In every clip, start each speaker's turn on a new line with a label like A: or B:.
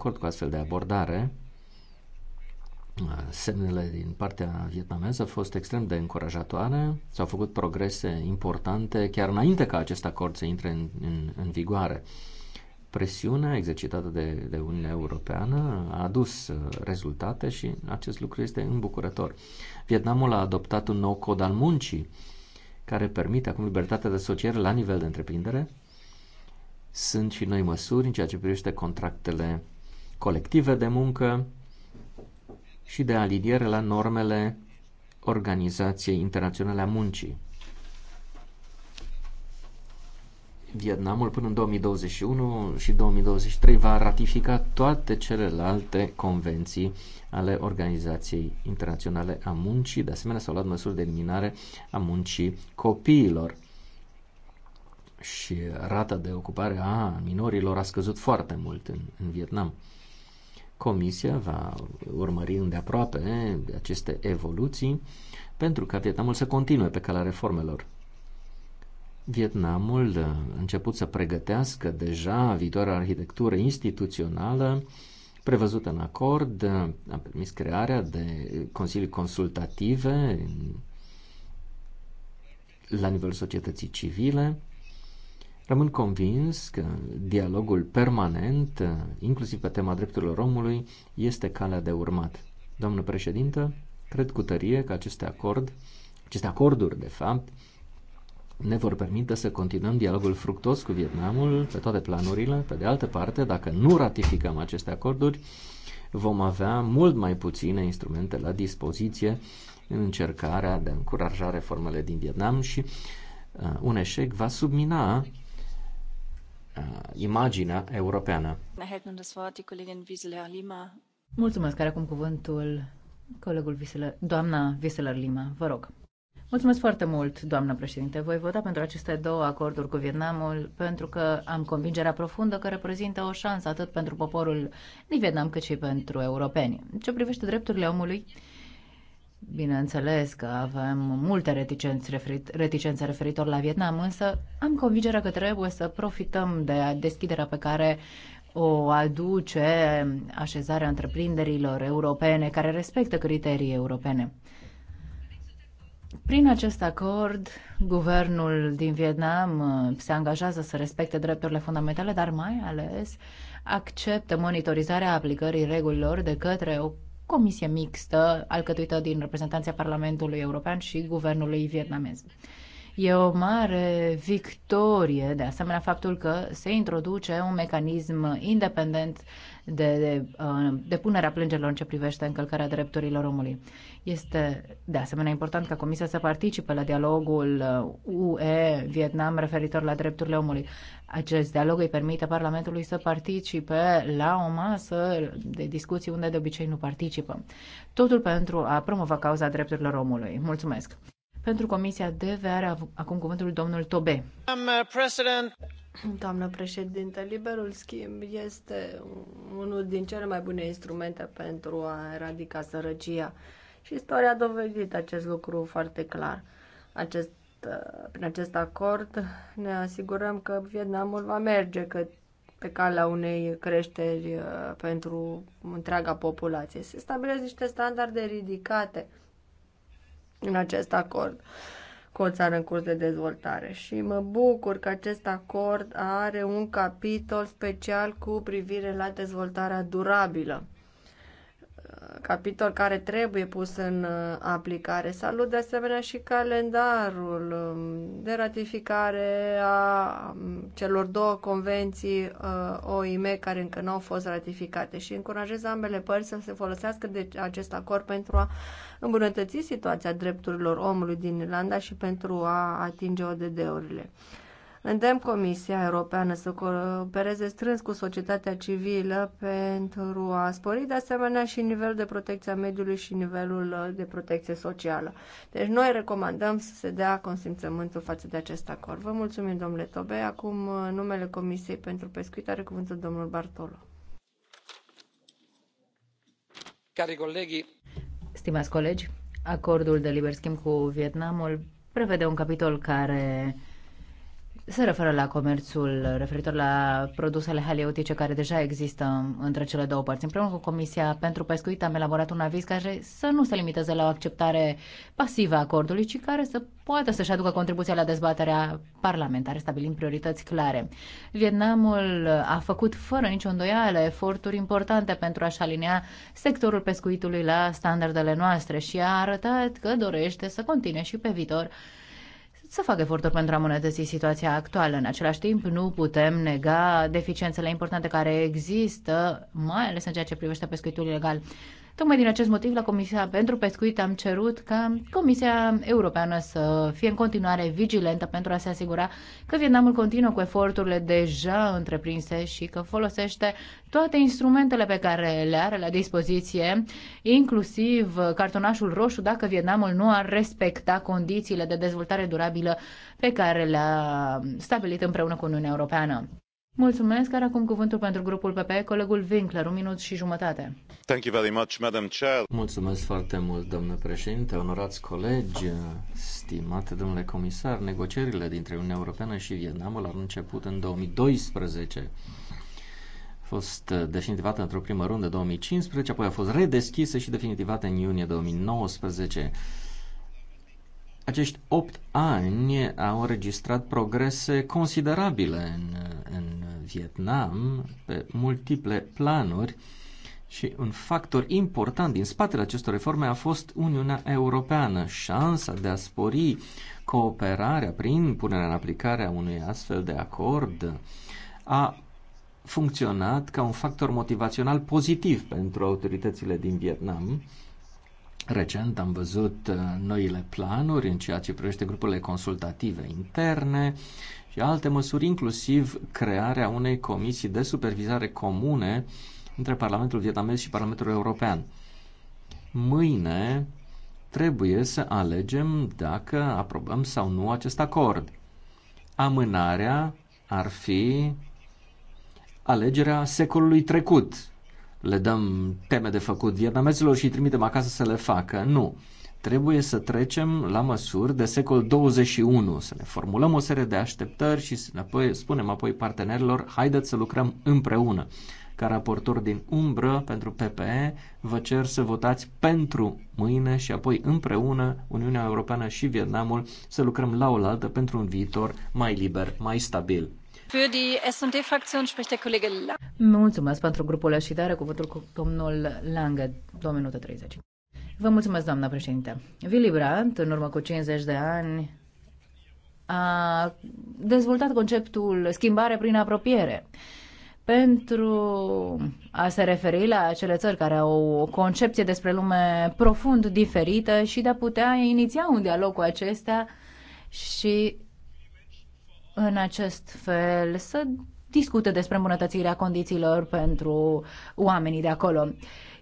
A: acord cu astfel de abordare. Semnele din partea vietnameză au fost extrem de încurajatoare, s-au făcut progrese importante chiar înainte ca acest acord să intre în, în, în vigoare. Presiunea exercitată de, de Uniunea Europeană a adus uh, rezultate și acest lucru este îmbucurător. Vietnamul a adoptat un nou cod al muncii care permite acum libertatea de asociere la nivel de întreprindere. Sunt și noi măsuri în ceea ce privește contractele colective de muncă și de aliniere la normele Organizației Internaționale a Muncii. Vietnamul până în 2021 și 2023 va ratifica toate celelalte convenții ale Organizației Internaționale a Muncii. De asemenea, s-au luat măsuri de eliminare a muncii copiilor și rata de ocupare a minorilor a scăzut foarte mult în, în Vietnam. Comisia va urmări îndeaproape aceste evoluții pentru ca Vietnamul să continue pe calea reformelor. Vietnamul a început să pregătească deja viitoarea arhitectură instituțională prevăzută în acord, a permis crearea de consilii consultative la nivelul societății civile Rămân convins că dialogul permanent, inclusiv pe tema drepturilor omului, este calea de urmat. Domnul președinte, cred cu tărie că aceste acord, aceste acorduri, de fapt, ne vor permite să continuăm dialogul fructos cu Vietnamul pe toate planurile. Pe de altă parte, dacă nu ratificăm aceste acorduri, vom avea mult mai puține instrumente la dispoziție în încercarea de a încuraja reformele din Vietnam și uh, un eșec va submina Uh, imaginea europeană.
B: Mulțumesc, care acum cuvântul colegul Viseler, doamna Viseler Lima, vă rog. Mulțumesc foarte mult, doamnă președinte. Voi vota pentru aceste două acorduri cu Vietnamul pentru că am convingerea profundă că reprezintă o șansă atât pentru poporul din Vietnam cât și pentru europeni. Ce privește drepturile omului, Bineînțeles că avem multe reticențe, referit, reticențe referitor la Vietnam, însă am convingerea că trebuie să profităm de deschiderea pe care o aduce așezarea întreprinderilor europene care respectă criterii europene. Prin acest acord, guvernul din Vietnam uh, se angajează să respecte drepturile fundamentale, dar mai ales acceptă monitorizarea aplicării regulilor de către o comisie mixtă alcătuită din reprezentanția Parlamentului European și Guvernului vietnamez. E o mare victorie, de asemenea, faptul că se introduce un mecanism independent de, de uh, punerea plângerilor în ce privește încălcarea drepturilor omului. Este de asemenea important ca Comisia să participe la dialogul UE-Vietnam uh, referitor la drepturile omului. Acest dialog îi permite Parlamentului să participe la o masă de discuții unde de obicei nu participă. Totul pentru a promova cauza drepturilor omului. Mulțumesc! Pentru Comisia DV are acum cuvântul domnul Tobe.
C: Uh, Doamnă președinte, liberul schimb este unul din cele mai bune instrumente pentru a eradica sărăcia. Și istoria a dovedit acest lucru foarte clar. Acest, uh, prin acest acord ne asigurăm că Vietnamul va merge că pe calea unei creșteri uh, pentru întreaga populație. Se stabilesc niște standarde ridicate în acest acord cu o țară în curs de dezvoltare. Și mă bucur că acest acord are un capitol special cu privire la dezvoltarea durabilă capitol care trebuie pus în uh, aplicare. Salut de asemenea și calendarul um, de ratificare a um, celor două convenții uh, OIM care încă nu au fost ratificate și încurajez ambele părți să se folosească de acest acord pentru a îmbunătăți situația drepturilor omului din Irlanda și pentru a atinge ODD-urile. Îndemn Comisia Europeană să coopereze strâns cu societatea civilă pentru a spori de asemenea și nivelul de protecție a mediului și nivelul de protecție socială. Deci noi recomandăm să se dea consimțământul față de acest acord. Vă mulțumim, domnule Tobe. Acum numele Comisiei pentru Pescuit are cuvântul domnul Bartolo.
D: Cari colegi,
B: Stimați colegi, acordul de liber schimb cu Vietnamul prevede un capitol care se referă la comerțul referitor la produsele haleutice care deja există între cele două părți. Împreună cu Comisia pentru Pescuit am elaborat un aviz care să nu se limiteze la o acceptare pasivă a acordului, ci care să poată să-și aducă contribuția la dezbaterea parlamentară, stabilind priorități clare. Vietnamul a făcut fără nicio îndoială eforturi importante pentru a-și alinea sectorul pescuitului la standardele noastre și a arătat că dorește să continue și pe viitor să facă eforturi pentru a îmbunătăți situația actuală. În același timp, nu putem nega deficiențele importante care există, mai ales în ceea ce privește pescuitul ilegal. Tocmai din acest motiv, la Comisia pentru Pescuit am cerut ca Comisia Europeană să fie în continuare vigilentă pentru a se asigura că Vietnamul continuă cu eforturile deja întreprinse și că folosește toate instrumentele pe care le are la dispoziție, inclusiv cartonașul roșu, dacă Vietnamul nu ar respecta condițiile de dezvoltare durabilă pe care le-a stabilit împreună cu Uniunea Europeană. Mulțumesc, care acum cuvântul pentru grupul PP, colegul Winkler, un minut și jumătate.
A: Thank you very much, Madam Chair. Mulțumesc foarte mult, domnule președinte, onorați colegi, stimate domnule comisar, negocierile dintre Uniunea Europeană și Vietnamul au început în 2012 fost uh, definitivată într-o primă rundă 2015, apoi a fost redeschisă și definitivată în iunie 2019. Acești opt ani au înregistrat progrese considerabile în, în Vietnam pe multiple planuri și un factor important din spatele acestor reforme a fost Uniunea Europeană, șansa de a spori cooperarea prin punerea în aplicare a unui astfel de acord a funcționat ca un factor motivațional pozitiv pentru autoritățile din Vietnam Recent am văzut uh, noile planuri în ceea ce privește grupurile consultative interne și alte măsuri, inclusiv crearea unei comisii de supervizare comune între Parlamentul Vietnamez și Parlamentul European. Mâine trebuie să alegem dacă aprobăm sau nu acest acord. Amânarea ar fi alegerea secolului trecut le dăm teme de făcut vietnamezilor și îi trimitem acasă să le facă. Nu. Trebuie să trecem la măsuri de secol 21, să ne formulăm o serie de așteptări și să apoi, spunem apoi partenerilor, haideți să lucrăm împreună. Ca raportor din umbră pentru PPE, vă cer să votați pentru mâine și apoi împreună Uniunea Europeană și Vietnamul să lucrăm la oaltă pentru un viitor mai liber, mai stabil.
B: Mulțumesc pentru grupul și dare cuvântul cu domnul Lange, 2 minute 30. Vă mulțumesc, doamna președinte. Willy Brandt, în urmă cu 50 de ani, a dezvoltat conceptul schimbare prin apropiere pentru a se referi la acele țări care au o concepție despre lume profund diferită și de a putea iniția un dialog cu acestea și în acest fel să discute despre îmbunătățirea condițiilor pentru oamenii de acolo.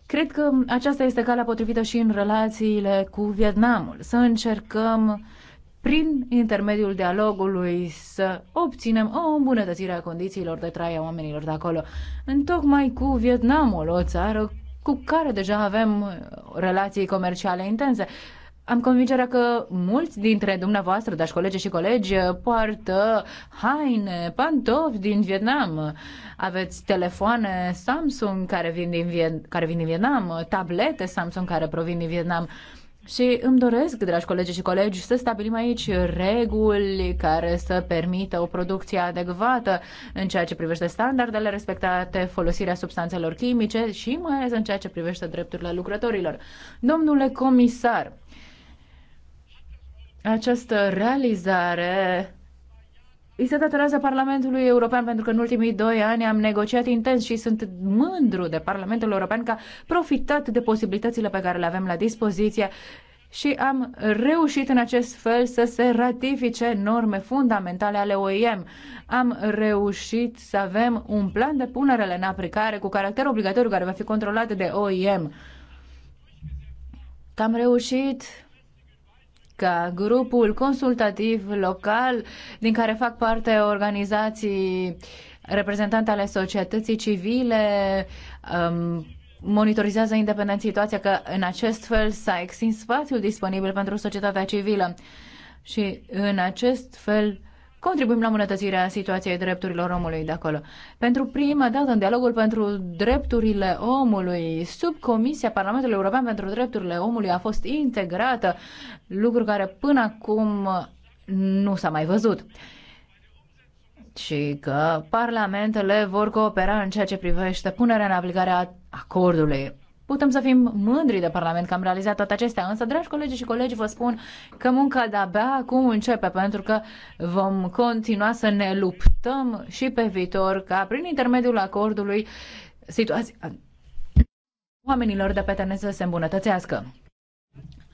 B: Cred că aceasta este calea potrivită și în relațiile cu Vietnamul. Să încercăm prin intermediul dialogului să obținem o îmbunătățire a condițiilor de trai a oamenilor de acolo. tocmai cu Vietnamul, o țară cu care deja avem relații comerciale intense. Am convingerea că mulți dintre dumneavoastră, dași colegi și colegi, poartă haine, pantofi din Vietnam. Aveți telefoane Samsung care vin din, Viet- care vin din Vietnam, tablete Samsung care provin din Vietnam. Și îmi doresc, dragi colegi și colegi, să stabilim aici reguli care să permită o producție adecvată în ceea ce privește standardele respectate, folosirea substanțelor chimice și mai ales în ceea ce privește drepturile lucrătorilor. Domnule comisar, această realizare îi se datorează Parlamentului European pentru că în ultimii doi ani am negociat intens și sunt mândru de Parlamentul European că a profitat de posibilitățile pe care le avem la dispoziție și am reușit în acest fel să se ratifice norme fundamentale ale OIM. Am reușit să avem un plan de punere în aplicare cu caracter obligatoriu care va fi controlat de OIM. am reușit ca grupul consultativ local din care fac parte organizații reprezentante ale societății civile, um, monitorizează independent situația că în acest fel s-a extins spațiul disponibil pentru societatea civilă și în acest fel contribuim la îmbunătățirea situației drepturilor omului de acolo. Pentru prima dată în dialogul pentru drepturile omului, sub Comisia Parlamentului European pentru Drepturile Omului a fost integrată, lucru care până acum nu s-a mai văzut și că parlamentele vor coopera în ceea ce privește punerea în aplicare a acordului. Putem să fim mândri de Parlament că am realizat toate acestea, însă, dragi colegi și colegi, vă spun că munca de-abia acum începe, pentru că vom continua să ne luptăm și pe viitor ca, prin intermediul acordului, situația oamenilor de pe teren să se îmbunătățească.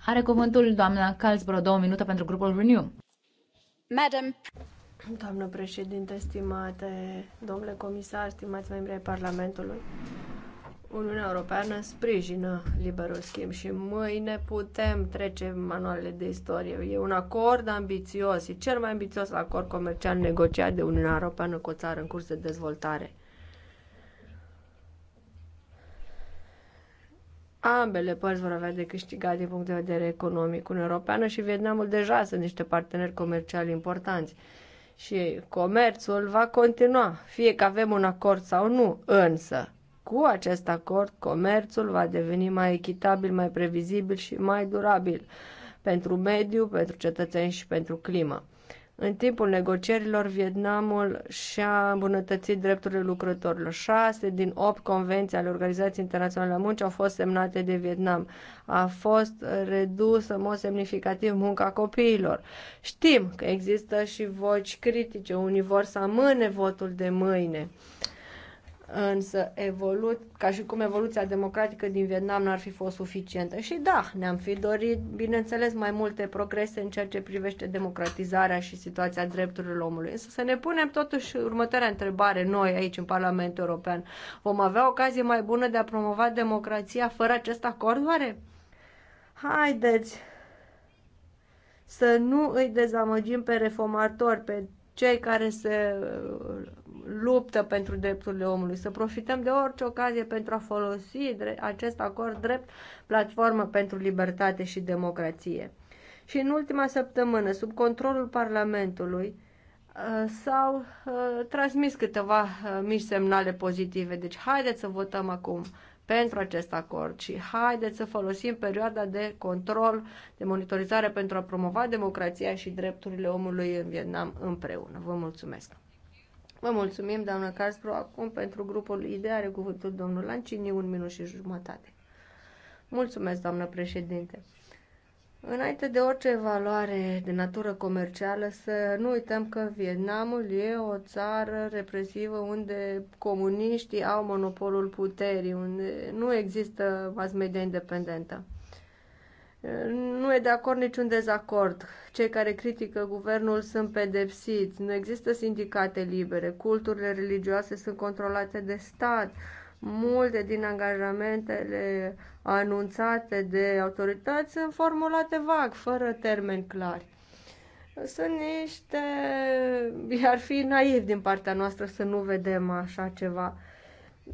B: Are cuvântul doamna Calzbro două minute pentru grupul Renew.
C: Madam. Doamnă președinte, stimate domnule comisar, stimați membri ai Parlamentului, Uniunea Europeană sprijină liberul schimb și mâine putem trece manualele de istorie. E un acord ambițios, e cel mai ambițios acord comercial negociat de Uniunea Europeană cu o țară în curs de dezvoltare. Ambele părți vor avea de câștigat din punct de vedere economic. Uniunea Europeană și Vietnamul deja sunt niște parteneri comerciali importanți și comerțul va continua, fie că avem un acord sau nu, însă cu acest acord, comerțul va deveni mai echitabil, mai previzibil și mai durabil pentru mediu, pentru cetățeni și pentru climă. În timpul negocierilor, Vietnamul și-a îmbunătățit drepturile lucrătorilor. Șase din opt convenții ale Organizației Internaționale a Muncii au fost semnate de Vietnam. A fost redusă în mod semnificativ munca copiilor. Știm că există și voci critice. Unii vor să amâne votul de mâine. Însă, evolu- ca și cum evoluția democratică din Vietnam n-ar fi fost suficientă. Și da, ne-am fi dorit, bineînțeles, mai multe progrese în ceea ce privește democratizarea și situația drepturilor omului. Însă să ne punem totuși următoarea întrebare noi aici în Parlamentul European. Vom avea ocazie mai bună de a promova democrația fără acest acord, oare? Haideți să nu îi dezamăgim pe reformatori, pe cei care se uh, luptă pentru drepturile omului, să profităm de orice ocazie pentru a folosi acest acord drept platformă pentru libertate și democrație. Și în ultima săptămână, sub controlul Parlamentului, uh, s-au uh, transmis câteva mici semnale pozitive. Deci haideți să votăm acum pentru acest acord și haideți să folosim perioada de control, de monitorizare pentru a promova democrația și drepturile omului în Vietnam împreună. Vă mulțumesc! Vă mulțumim, doamnă Caspro, Acum, pentru grupul IDE, are cuvântul domnul Lancini, un minut și jumătate. Mulțumesc, doamnă președinte. Înainte de orice evaluare de natură comercială, să nu uităm că Vietnamul e o țară represivă unde comuniștii au monopolul puterii, unde nu există mass media independentă. Nu e de acord niciun dezacord. Cei care critică guvernul sunt pedepsiți, nu există sindicate libere, culturile religioase sunt controlate de stat, Multe din angajamentele anunțate de autorități sunt formulate vag, fără termeni clari. Sunt niște... ar fi naiv din partea noastră să nu vedem așa ceva.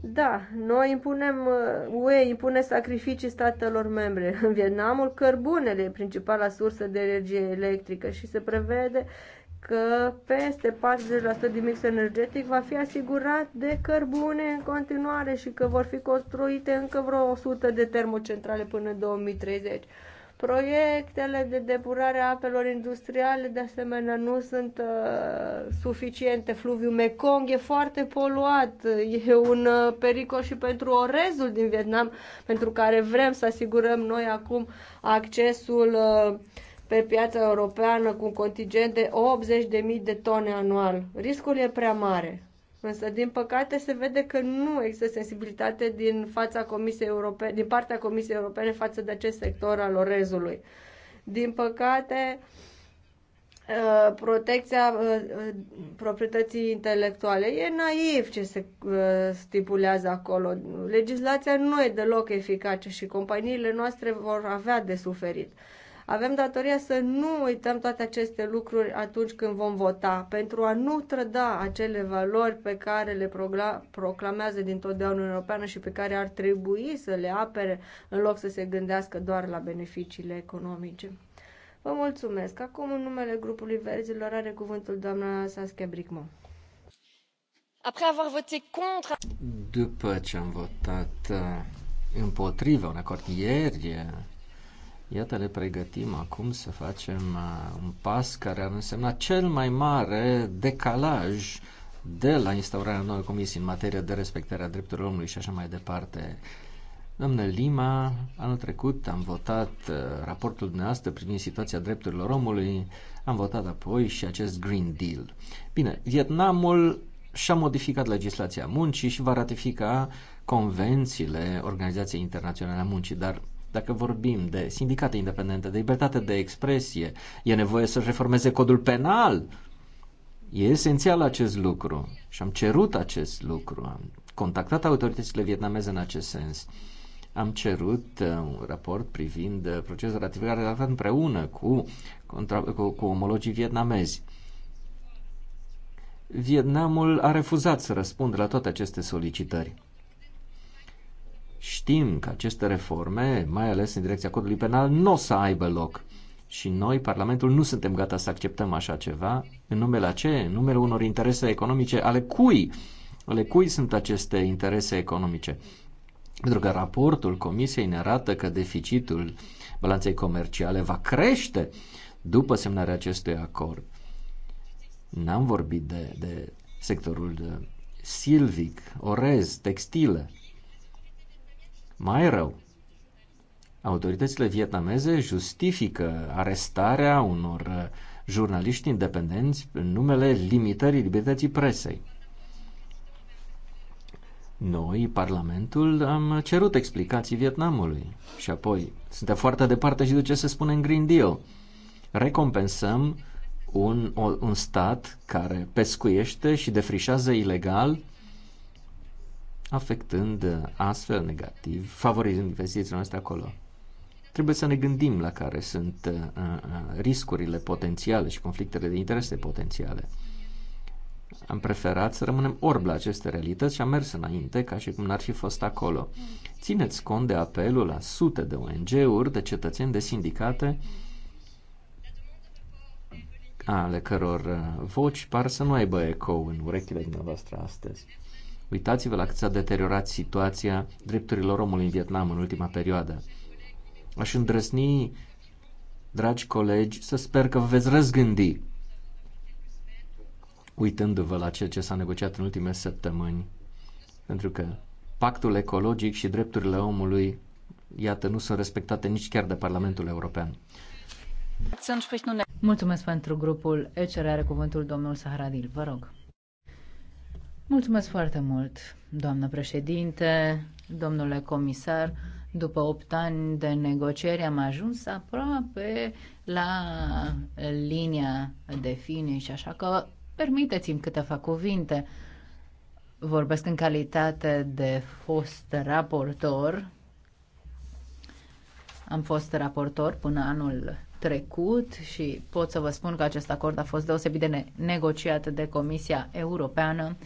C: Da, noi impunem, UE impune sacrificii statelor membre. În Vietnamul, cărbunele e principala sursă de energie electrică și se prevede că peste 40% din mix energetic va fi asigurat de cărbune în continuare și că vor fi construite încă vreo 100 de termocentrale până în 2030. Proiectele de depurare a apelor industriale, de asemenea, nu sunt uh, suficiente. Fluviul Mekong e foarte poluat, e un uh, pericol și pentru orezul din Vietnam, pentru care vrem să asigurăm noi acum accesul uh, pe piața europeană cu un contingent de 80.000 de tone anual. Riscul e prea mare. Însă, din păcate, se vede că nu există sensibilitate din, fața Comisiei Europene, din partea Comisiei Europene față de acest sector al orezului. Din păcate, uh, protecția uh, uh, proprietății intelectuale. E naiv ce se stipulează acolo. Legislația nu e deloc eficace și companiile noastre vor avea de suferit. Avem datoria să nu uităm toate aceste lucruri atunci când vom vota, pentru a nu trăda acele valori pe care le proclamează din Uniunea Europeană și pe care ar trebui să le apere în loc să se gândească doar la beneficiile economice. Vă mulțumesc. Acum, în numele grupului Verzilor, are cuvântul doamna Saskia
E: contre...
A: După ce am votat uh, împotriva un acord ieri uh, Iată, le pregătim acum să facem uh, un pas care ar însemna cel mai mare decalaj de la instaurarea noii comisii în materie de respectarea drepturilor omului și așa mai departe. Domnule Lima, anul trecut am votat uh, raportul dumneavoastră privind situația drepturilor omului, am votat apoi și acest Green Deal. Bine, Vietnamul și-a modificat legislația muncii și va ratifica convențiile Organizației Internaționale a Muncii, dar dacă vorbim de sindicate independente, de libertate de expresie, e nevoie să reformeze codul penal. E esențial acest lucru și am cerut acest lucru. Am contactat autoritățile vietnameze în acest sens. Am cerut uh, un raport privind uh, procesul de ratificare redactat împreună cu, contra, cu, cu omologii vietnamezi. Vietnamul a refuzat să răspundă la toate aceste solicitări. Știm că aceste reforme, mai ales în direcția codului penal, nu o să aibă loc. Și noi, Parlamentul, nu suntem gata să acceptăm așa ceva. În numele a ce? În numele unor interese economice. Ale cui? Ale cui sunt aceste interese economice? Pentru că raportul Comisiei ne arată că deficitul balanței comerciale va crește după semnarea acestui acord. N-am vorbit de, de sectorul de silvic, orez, textile. Mai rău, autoritățile vietnameze justifică arestarea unor uh, jurnaliști independenți în numele limitării libertății presei. Noi, Parlamentul, am cerut explicații Vietnamului și apoi suntem foarte departe și de ce se spune în Green Deal. Recompensăm un, un stat care pescuiește și defrișează ilegal afectând uh, astfel negativ, favorizând investițiile noastre acolo. Trebuie să ne gândim la care sunt uh, uh, riscurile potențiale și conflictele de interese potențiale. Am preferat să rămânem orbi la aceste realități și am mers înainte ca și cum n-ar fi fost acolo. Țineți cont de apelul la sute de ONG-uri, de cetățeni, de sindicate, ale căror voci par să nu aibă ecou în urechile dumneavoastră astăzi. Uitați-vă la cât s-a deteriorat situația drepturilor omului în Vietnam în ultima perioadă. Aș îndrăsni, dragi colegi, să sper că vă veți răzgândi uitându-vă la ceea ce s-a negociat în ultimele săptămâni, pentru că pactul ecologic și drepturile omului, iată, nu sunt respectate nici chiar de Parlamentul European.
B: Mulțumesc pentru grupul ECR, are cuvântul domnul Saharadil, vă rog. Mulțumesc foarte mult, doamnă președinte, domnule comisar. După 8 ani de negocieri am ajuns aproape la linia de finish, așa că permiteți-mi câteva cuvinte. Vorbesc în calitate de fost raportor. Am fost raportor până anul trecut și pot să vă spun că acest acord a fost deosebit de negociat de Comisia Europeană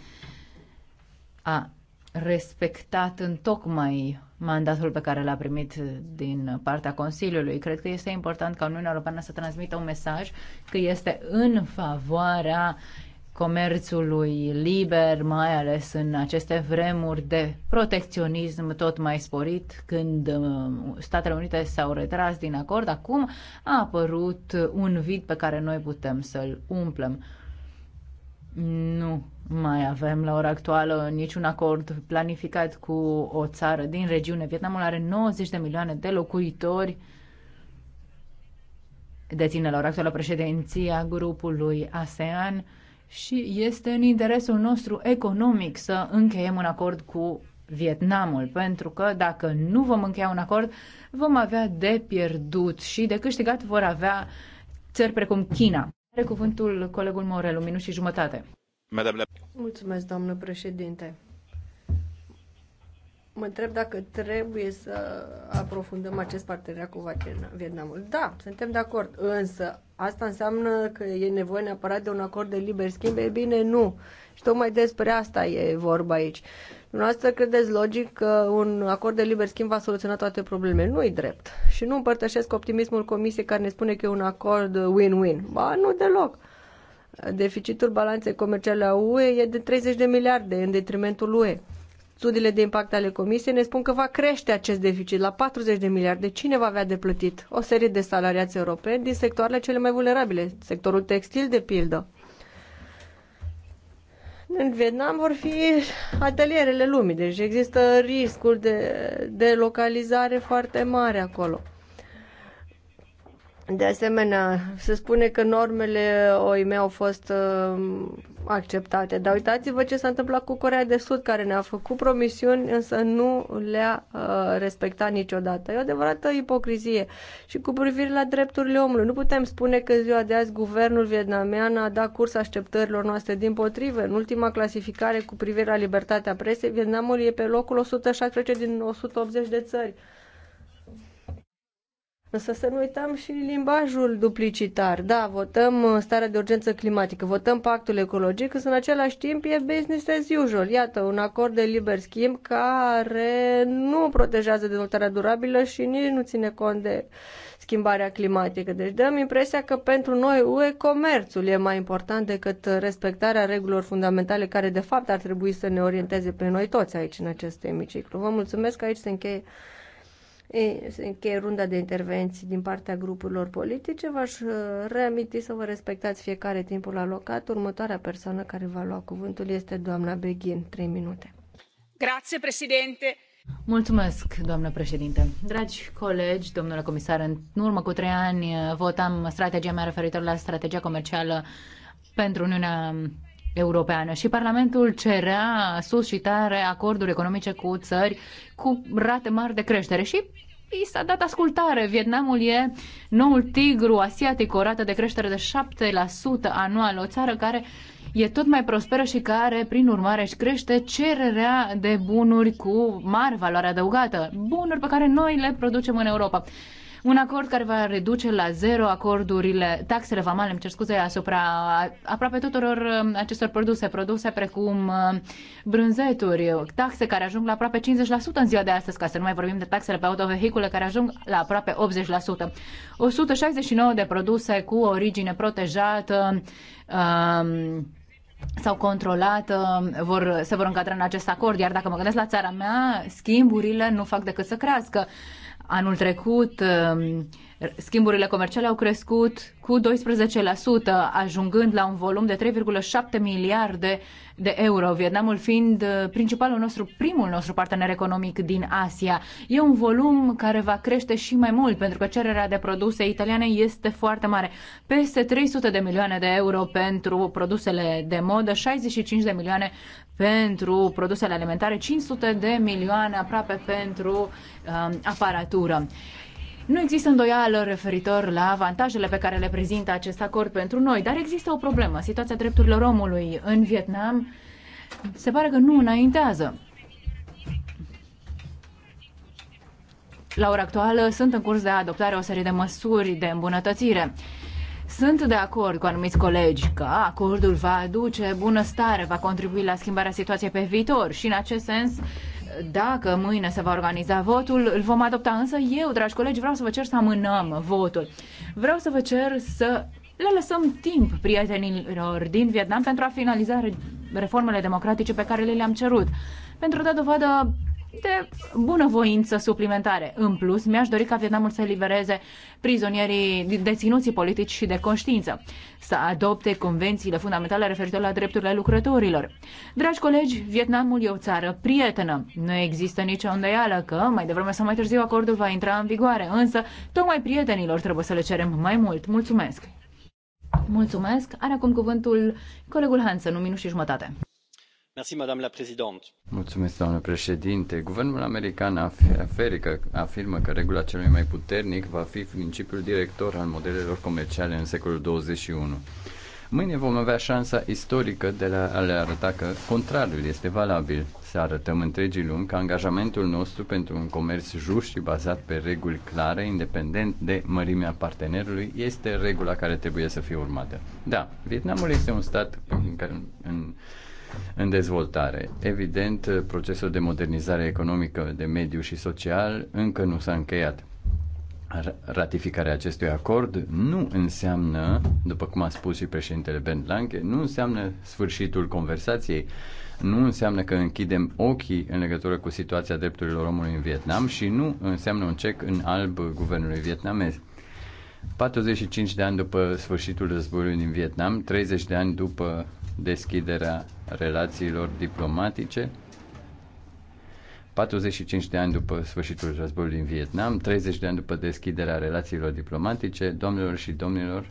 B: a respectat în tocmai mandatul pe care l-a primit din partea Consiliului. Cred că este important ca Uniunea Europeană să transmită un mesaj că este în favoarea comerțului liber, mai ales în aceste vremuri de protecționism tot mai sporit, când uh, Statele Unite s-au retras din acord, acum a apărut un vid pe care noi putem să-l umplem nu mai avem la ora actuală niciun acord planificat cu o țară din regiune. Vietnamul are 90 de milioane de locuitori. Deține la ora actuală președinția grupului ASEAN și este în interesul nostru economic să încheiem un acord cu Vietnamul, pentru că dacă nu vom încheia un acord, vom avea de pierdut și de câștigat vor avea țări precum China. Are cuvântul colegul Morel, un minut și jumătate. Mulțumesc, doamnă președinte. Mă
C: întreb dacă trebuie să aprofundăm acest parteneriat cu Vietnamul. Da, suntem de acord, însă asta înseamnă că e nevoie neapărat de un acord de liber schimb? E bine, nu. Și tocmai despre asta e vorba aici. Dumneavoastră credeți logic că un acord de liber schimb va soluționa toate problemele. Nu-i drept. Și nu împărtășesc optimismul comisiei care ne spune că e un acord win-win. Ba, nu deloc. Deficitul balanței comerciale a UE e de 30 de miliarde în detrimentul UE. Studiile de impact ale comisiei ne spun că va crește acest deficit la 40 de miliarde. Cine va avea de plătit? O serie de salariați europeni din sectoarele cele mai vulnerabile, sectorul textil de pildă. În Vietnam vor fi atelierele lumii, deci există riscul de, de localizare foarte mare acolo. De asemenea, se spune că normele OIM au fost uh, acceptate, dar uitați-vă ce s-a întâmplat cu Corea de Sud, care ne-a făcut promisiuni, însă nu le-a uh, respectat niciodată. E o adevărată ipocrizie. Și cu privire la drepturile omului, nu putem spune că ziua de azi guvernul vietnamian a dat curs așteptărilor noastre din potrivă. În ultima clasificare cu privire la libertatea presei, Vietnamul e pe locul 116 din 180 de țări. Însă să nu uităm și limbajul duplicitar. Da, votăm uh, starea de urgență climatică, votăm pactul ecologic, însă în același timp e business as usual. Iată, un acord de liber schimb care nu protejează dezvoltarea durabilă și nici nu ține cont de schimbarea climatică. Deci dăm impresia că pentru noi UE comerțul e mai important decât respectarea regulilor fundamentale care de fapt ar trebui să ne orienteze pe noi toți aici în acest emiciclu. Vă mulțumesc, aici se încheie ei, se încheie runda de intervenții din partea grupurilor politice. V-aș uh, reaminti să vă respectați fiecare timpul alocat. Următoarea persoană care va lua cuvântul
B: este doamna Beghin, Trei minute.
F: Grazie, președinte.
B: Mulțumesc, doamnă președinte. Dragi colegi, domnule comisar, în urmă cu trei ani uh, votam strategia mea referitor la strategia comercială pentru Uniunea europeană și Parlamentul cerea sus și tare acorduri economice cu țări cu rate mari de creștere și i s-a dat ascultare. Vietnamul e noul tigru asiatic, o rată de creștere de 7% anual, o țară care e tot mai prosperă și care, prin urmare, își crește cererea de bunuri cu mari valoare adăugată, bunuri pe care noi le producem în Europa. Un acord care va reduce la zero acordurile, taxele vamale, îmi cer scuze, asupra aproape tuturor um, acestor produse, produse precum um, brânzeturi, taxe care ajung la aproape 50% în ziua de astăzi, ca să nu mai vorbim de taxele pe autovehicule care ajung la aproape 80%. 169 de produse cu origine protejată, um, sau controlat um, vor, se vor încadra în acest acord. Iar dacă mă gândesc la țara mea, schimburile nu fac decât să crească. Anul trecut, um, schimburile comerciale au crescut cu 12%, ajungând la un volum de 3,7 miliarde de euro, Vietnamul fiind uh, principalul nostru, primul nostru partener economic din Asia. E un volum care va crește și mai mult, pentru că cererea de produse italiane este foarte mare. Peste 300 de milioane de euro pentru produsele de modă, 65 de milioane pentru produsele alimentare, 500 de milioane aproape pentru um, aparatură natură. Nu există îndoială referitor la avantajele pe care le prezintă acest acord pentru noi, dar există o problemă. Situația drepturilor omului în Vietnam se pare că nu înaintează. La ora actuală sunt în curs de adoptare o serie de măsuri de îmbunătățire. Sunt de acord cu anumiți colegi că acordul va aduce bunăstare, va contribui la schimbarea situației pe viitor și în acest sens dacă mâine se va organiza votul, îl vom adopta. Însă eu, dragi colegi, vreau să vă cer să amânăm votul. Vreau să vă cer să le lăsăm timp prietenilor din Vietnam pentru a finaliza reformele democratice pe care le le-am cerut. Pentru a da dovadă de bunăvoință suplimentare. În plus, mi-aș dori ca Vietnamul să elibereze prizonierii deținuții politici și de conștiință, să adopte convențiile fundamentale referitor la drepturile lucrătorilor. Dragi colegi, Vietnamul e o țară prietenă. Nu există nicio îndoială că, mai devreme sau mai târziu, acordul va intra în vigoare, însă tocmai prietenilor trebuie să le cerem mai mult. Mulțumesc! Mulțumesc! Are acum cuvântul colegul Hansen, un minut și jumătate.
D: Mulțumesc, doamnă președinte. Guvernul american afirmă că regula celui mai puternic va fi principiul director al modelelor comerciale în secolul 21. Mâine vom avea șansa istorică de la, a le arăta că contrariul este valabil. Să arătăm întregii lumi că angajamentul nostru pentru un comerț just și bazat pe reguli clare, independent de mărimea partenerului, este regula care trebuie să fie urmată. Da, Vietnamul este un stat în care, în, în dezvoltare. Evident, procesul de modernizare economică, de mediu și social încă nu s-a încheiat. Ratificarea acestui acord nu înseamnă, după cum a spus și președintele Ben Lange, nu înseamnă sfârșitul conversației, nu înseamnă că închidem ochii în legătură cu situația drepturilor omului în Vietnam și nu înseamnă un cec în alb guvernului vietnamez. 45 de ani după sfârșitul războiului din Vietnam, 30 de ani după deschiderea relațiilor diplomatice. 45 de ani după sfârșitul războiului din Vietnam, 30 de ani după deschiderea relațiilor diplomatice, domnilor și domnilor,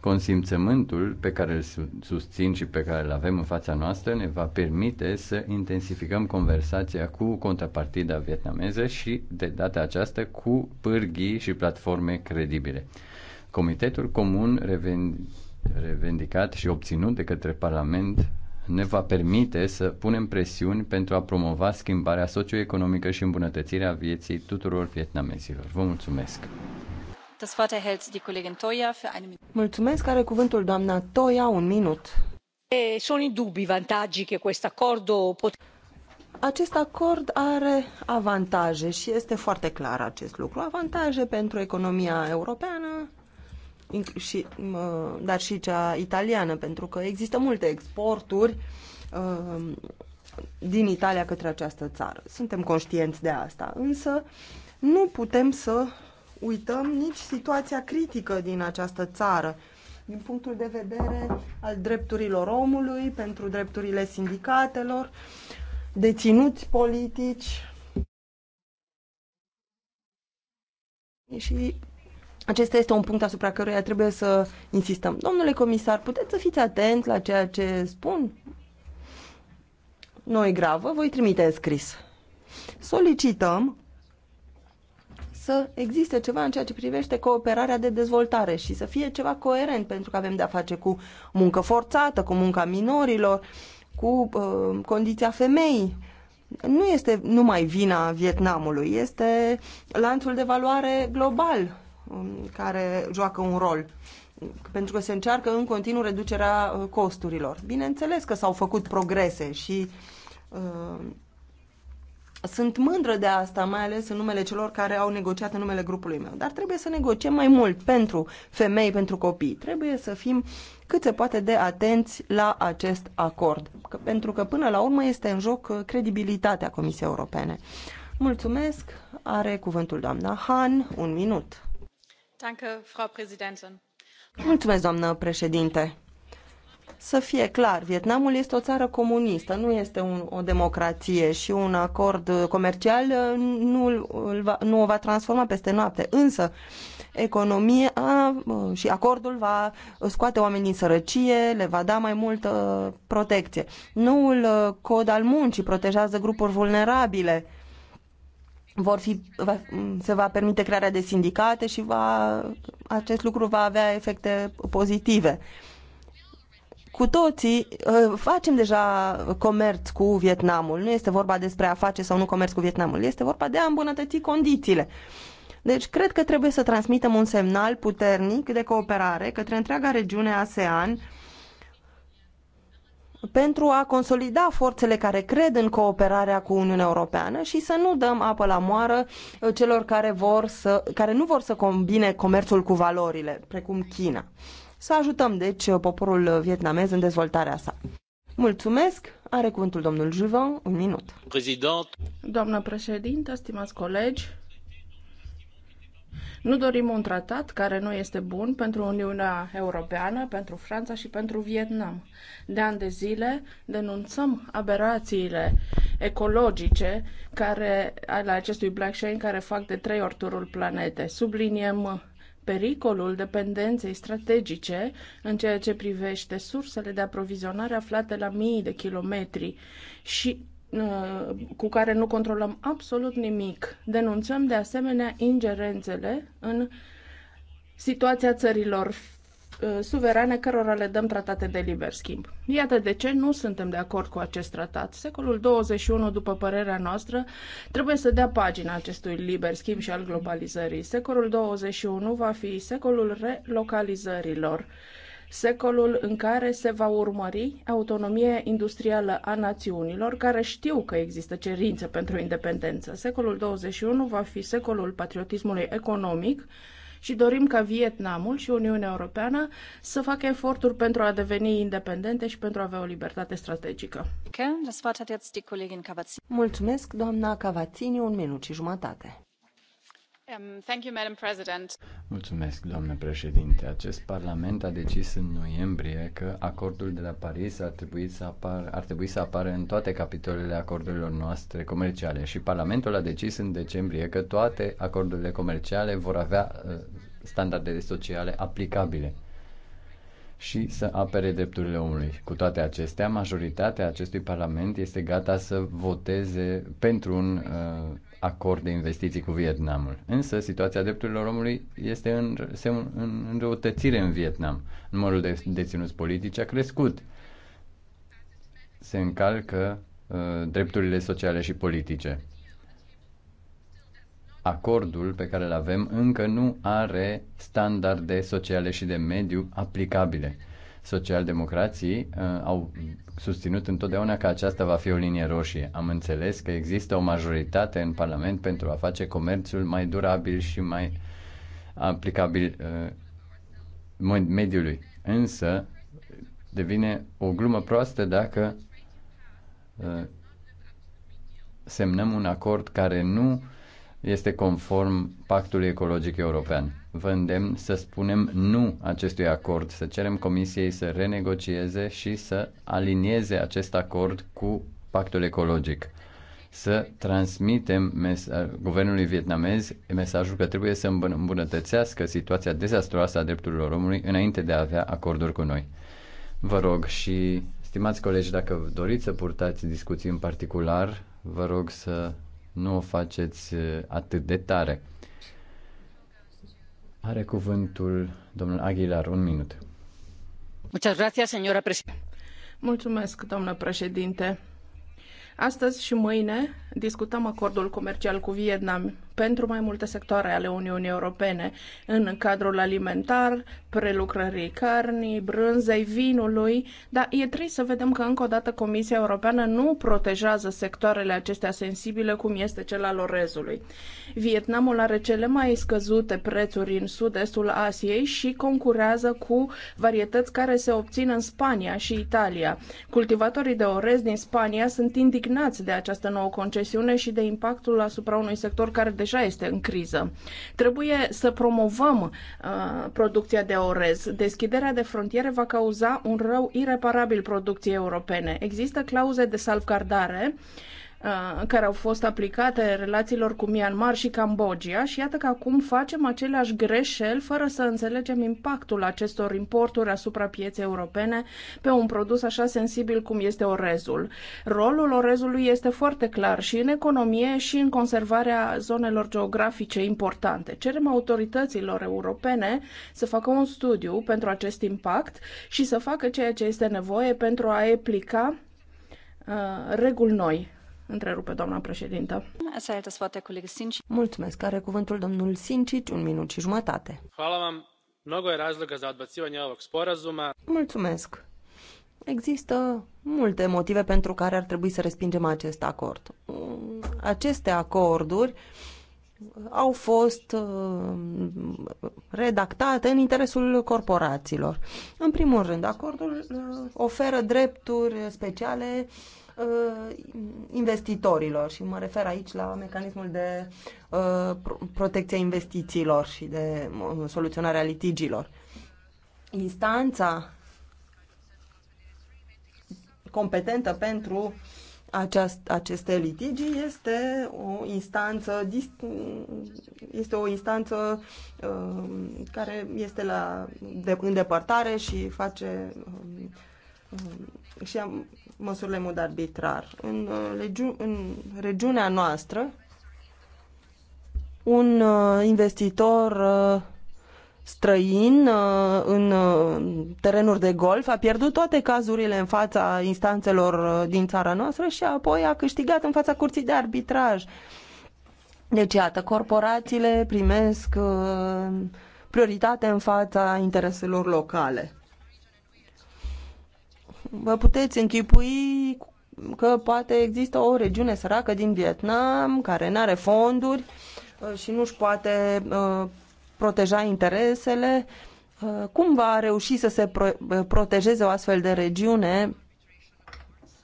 D: consimțământul pe care îl susțin și pe care îl avem în fața noastră ne va permite să intensificăm conversația cu contrapartida vietnameză și, de data aceasta, cu pârghii și platforme credibile. Comitetul Comun revendicat și obținut de către Parlament ne va permite să punem presiuni pentru a promova schimbarea socioeconomică și îmbunătățirea vieții tuturor vietnamezilor. Vă mulțumesc!
G: Mulțumesc, are cuvântul doamna Toia, un minut. Acest acord are avantaje și este foarte clar acest lucru. Avantaje pentru economia europeană, și, dar și cea italiană, pentru că există multe exporturi uh, din Italia către această țară. Suntem conștienți de asta, însă nu putem să uităm nici situația critică din această țară din punctul de vedere al drepturilor omului, pentru drepturile sindicatelor, deținuți politici și acesta este un punct asupra căruia trebuie să insistăm. Domnule comisar, puteți să fiți atent la ceea ce spun? Nu e gravă, voi trimite scris. Solicităm să existe ceva în ceea ce privește cooperarea de dezvoltare și să fie ceva coerent, pentru că avem de-a face cu muncă forțată, cu munca minorilor, cu uh, condiția femeii. Nu este numai vina Vietnamului, este lanțul de valoare global Um, care joacă un rol. Pentru că se încearcă în continuu reducerea uh, costurilor. Bineînțeles că s-au făcut progrese și uh, sunt mândră de asta, mai ales în numele celor care au negociat în numele grupului meu. Dar trebuie să negociem mai mult pentru femei, pentru copii. Trebuie să fim cât se poate de atenți la acest acord. Că, pentru că până la urmă este în joc uh, credibilitatea Comisiei Europene. Mulțumesc. Are cuvântul doamna Han. Un minut. Mulțumesc, doamnă președinte. Să fie clar, Vietnamul este o țară comunistă, nu este un, o democrație și un acord comercial uh, nu, va, nu o va transforma peste noapte. Însă, economia uh, și acordul va scoate oamenii din sărăcie, le va da mai multă protecție. Noul uh, cod al muncii protejează grupuri vulnerabile vor fi, va, se va permite crearea de sindicate și va, acest lucru va avea efecte pozitive. Cu toții ă, facem deja comerț cu Vietnamul. Nu este vorba despre a face sau nu comerț cu Vietnamul. Este vorba de a îmbunătăți condițiile. Deci cred că trebuie să transmitem un semnal puternic de cooperare către întreaga regiune ASEAN pentru a consolida forțele care cred în cooperarea cu Uniunea Europeană și să nu dăm apă la moară uh, celor care, vor să, care nu vor să combine comerțul cu valorile, precum China. Să ajutăm, deci, uh, poporul vietnamez în dezvoltarea sa. Mulțumesc! Are cuvântul domnul Juvan, un minut. Doamnă președintă, stimați colegi,
F: nu dorim un tratat care nu este bun pentru Uniunea Europeană, pentru Franța și pentru Vietnam. De ani de zile denunțăm aberațiile ecologice care, ale acestui Black chain care fac de trei ori turul planete. Subliniem pericolul dependenței strategice în ceea ce privește sursele de aprovizionare aflate la mii de kilometri și Uh, cu care nu controlăm absolut nimic. Denunțăm de asemenea ingerențele în situația țărilor uh, suverane cărora le dăm tratate de liber schimb. Iată de ce nu suntem de acord cu acest tratat. Secolul 21, după părerea noastră, trebuie să dea pagina acestui liber schimb și al globalizării. Secolul 21 va fi secolul relocalizărilor secolul în care se va urmări autonomia industrială a națiunilor care știu că există cerințe pentru independență. Secolul 21 va fi secolul patriotismului economic și dorim ca Vietnamul și Uniunea Europeană să facă eforturi pentru a deveni independente și pentru a avea o libertate strategică.
G: Mulțumesc, doamna Cavațini, un minut și jumătate.
E: Um,
D: Mulțumesc, doamnă președintă. Acest parlament a decis în noiembrie că acordul de la Paris ar trebui să, ar trebui să apară în toate capitolele acordurilor noastre comerciale și Parlamentul a decis în decembrie că toate acordurile comerciale vor avea uh, standardele sociale aplicabile și să apere drepturile omului. Cu toate acestea, majoritatea acestui Parlament este gata să voteze pentru un uh, acord de investiții cu Vietnamul. Însă, situația drepturilor omului este în, se, în răutățire în Vietnam. Numărul de deținuți politici a crescut. Se încalcă uh, drepturile sociale și politice acordul pe care îl avem încă nu are standarde sociale și de mediu aplicabile. Socialdemocrații uh, au susținut întotdeauna că aceasta va fi o linie roșie. Am înțeles că există o majoritate în Parlament pentru a face comerțul mai durabil și mai aplicabil uh, mediului. Însă devine o glumă proastă dacă uh, semnăm un acord care nu este conform Pactului Ecologic European. Vă îndemn să spunem nu acestui acord, să cerem Comisiei să renegocieze și să alinieze acest acord cu Pactul Ecologic. Să transmitem mesa- guvernului vietnamez mesajul că trebuie să îmbunătățească situația dezastroasă a drepturilor omului înainte de a avea acorduri cu noi. Vă rog și, stimați colegi, dacă doriți să purtați discuții în particular, vă rog să nu o faceți atât de tare. Are cuvântul domnul Aguilar, un minut.
F: Mulțumesc, doamnă președinte. Astăzi și mâine discutăm acordul comercial cu Vietnam pentru mai multe sectoare ale Uniunii Europene, în cadrul alimentar, prelucrării carnii, brânzei, vinului, dar e trist să vedem că încă o dată Comisia Europeană nu protejează sectoarele acestea sensibile cum este cel al orezului. Vietnamul are cele mai scăzute prețuri în sud-estul Asiei și concurează cu varietăți care se obțin în Spania și Italia. Cultivatorii de orez din Spania sunt indignați de această nouă concesiune și de impactul asupra unui sector care deja este în criză. Trebuie să promovăm uh, producția de orez. Deschiderea de frontiere va cauza un rău ireparabil producției europene. Există clauze de salvgardare uh, Uh, care au fost aplicate relațiilor cu Myanmar și Cambodgia și iată că acum facem aceleași greșeli fără să înțelegem impactul acestor importuri asupra pieței europene pe un produs așa sensibil cum este orezul. Rolul orezului este foarte clar și în economie și în conservarea zonelor geografice importante. Cerem autorităților europene să facă un studiu pentru acest impact și să facă ceea ce este nevoie pentru a aplica uh, reguli noi Întrerupe doamna președintă. Mulțumesc.
G: Are cuvântul domnul Sincici, un minut și jumătate. Mulțumesc. Există multe motive pentru care ar trebui să respingem acest acord. Aceste acorduri au fost uh, redactate în interesul corporațiilor. În primul rând, acordul uh, oferă drepturi speciale Uh, investitorilor și mă refer aici la mecanismul de uh, protecție a investițiilor și de uh, soluționarea litigilor. Instanța competentă pentru aceast, aceste litigi este o instanță este o instanță uh, care este la de, îndepărtare și face uh, Um, și am măsurile în mod arbitrar. În, uh, legiu, în regiunea noastră, un uh, investitor uh, străin în terenuri de golf a pierdut toate cazurile în fața instanțelor din țara noastră și apoi a câștigat în fața curții de arbitraj. Deci, iată, corporațiile primesc prioritate în fața intereselor locale vă puteți închipui că poate există o regiune săracă din Vietnam care nu are fonduri uh, și nu își poate uh, proteja interesele. Uh, cum va reuși să se protejeze o astfel de regiune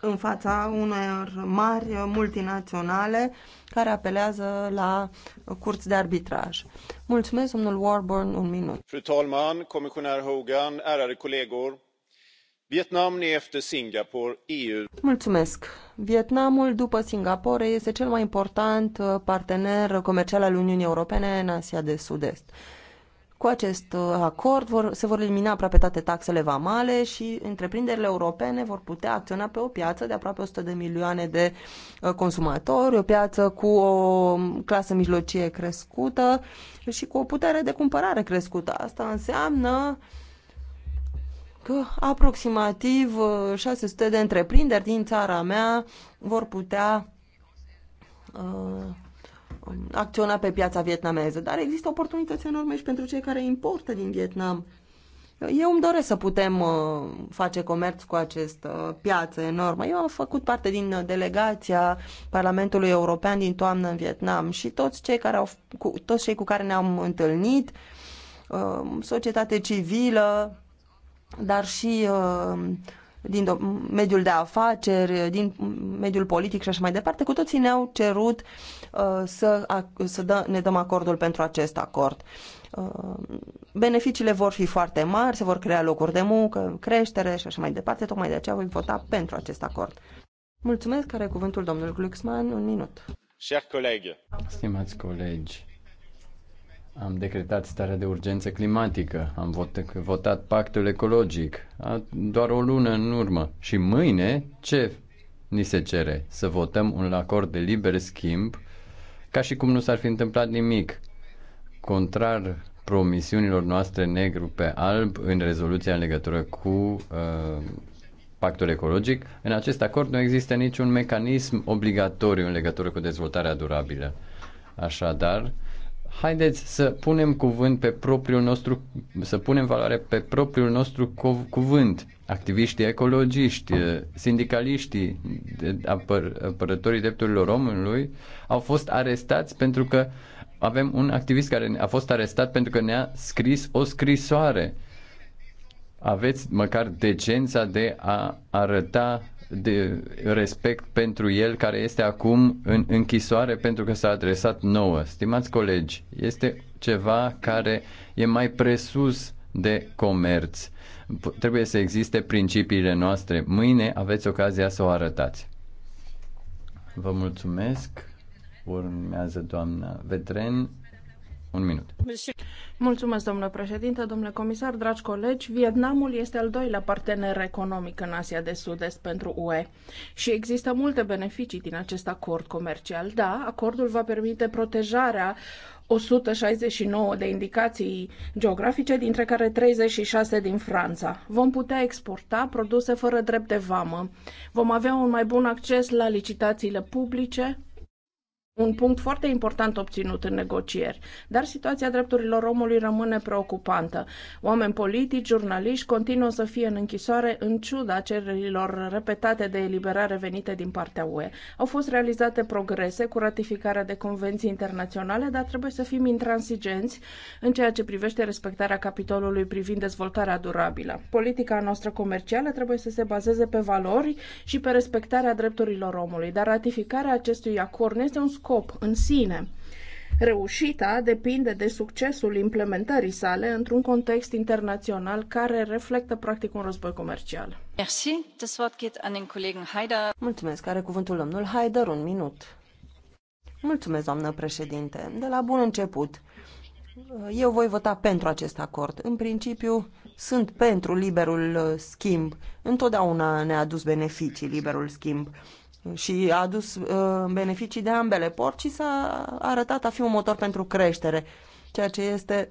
G: în fața unor mari multinaționale care apelează la curți de arbitraj. Mulțumesc, domnul Warburn, un minut.
A: Fru talman, comisionar Hogan, ärade colegor.
G: Mulțumesc. Vietnamul, după Singapore, este cel mai important uh, partener comercial al Uniunii Europene în Asia de Sud-Est. Cu acest uh, acord vor, se vor elimina aproape toate taxele vamale și întreprinderile europene vor putea acționa pe o piață de aproape 100 de milioane de uh, consumatori, o piață cu o um, clasă mijlocie crescută și cu o putere de cumpărare crescută. Asta înseamnă uh, că aproximativ 600 uh, de întreprinderi din țara mea vor putea uh, acționa pe piața vietnameză. Dar există oportunități enorme și pentru cei care importă din Vietnam. Eu îmi doresc să putem uh, face comerț cu această uh, piață enormă. Eu am făcut parte din uh, delegația Parlamentului European din toamnă în Vietnam și toți cei, care au, cu, toți cei cu care ne-am întâlnit, uh, societate civilă, dar și uh, din mediul de afaceri, din mediul politic și așa mai departe, cu toții ne-au cerut uh, să, să dă, ne dăm acordul pentru acest acord. Uh, beneficiile vor fi foarte mari, se vor crea locuri de muncă, creștere și așa mai departe, tocmai de aceea voi vota pentru acest acord. Mulțumesc, care cuvântul domnul Glucksmann, un minut.
D: Stimați colegi, am decretat starea de urgență climatică, am vot- votat pactul ecologic a, doar o lună în urmă. Și mâine ce ni se cere? Să votăm un acord de liber schimb ca și cum nu s-ar fi întâmplat nimic. Contrar promisiunilor noastre negru pe alb în rezoluția în legătură cu uh, pactul ecologic, în acest acord nu există niciun mecanism obligatoriu în legătură cu dezvoltarea durabilă. Așadar, uh, haideți să punem cuvânt pe propriul nostru, să punem valoare pe propriul nostru cuvânt. Activiștii ecologiști, sindicaliștii, apăr, apărătorii drepturilor omului au fost arestați pentru că avem un activist care a fost arestat pentru că ne-a scris o scrisoare. Aveți măcar decența de a arăta de respect pentru el, care este acum în închisoare pentru că s-a adresat nouă. Stimați colegi, este ceva care e mai presus de comerț. Trebuie să existe principiile noastre. Mâine aveți ocazia să o arătați. Vă mulțumesc. Urmează doamna Vedren un minut.
F: Mulțumesc, domnule președinte, domnule comisar, dragi colegi. Vietnamul este al doilea partener economic în Asia de Sud-Est pentru UE și există multe beneficii din acest acord comercial. Da, acordul va permite protejarea 169 de indicații geografice, dintre care 36 din Franța. Vom putea exporta produse fără drept de vamă. Vom avea un mai bun acces la licitațiile publice, un punct foarte important obținut în negocieri. Dar situația drepturilor omului rămâne preocupantă. Oameni politici, jurnaliști continuă să fie în închisoare în ciuda cererilor repetate de eliberare venite din partea UE. Au fost realizate progrese cu ratificarea de convenții internaționale, dar trebuie să fim intransigenți în ceea ce privește respectarea capitolului privind dezvoltarea durabilă. Politica noastră comercială trebuie să se bazeze pe valori și pe respectarea drepturilor omului, dar ratificarea acestui acord nu este un scop scop în sine. Reușita depinde de succesul implementării sale într-un context internațional care
G: reflectă practic un război comercial.
E: Mulțumesc. Are
G: cuvântul domnul Haider, un minut. Mulțumesc, doamnă președinte. De la bun început, eu voi vota pentru acest acord. În principiu, sunt pentru liberul schimb. Întotdeauna ne-a adus beneficii liberul schimb și a adus uh, beneficii de ambele porți și s-a arătat a fi un motor pentru creștere, ceea ce este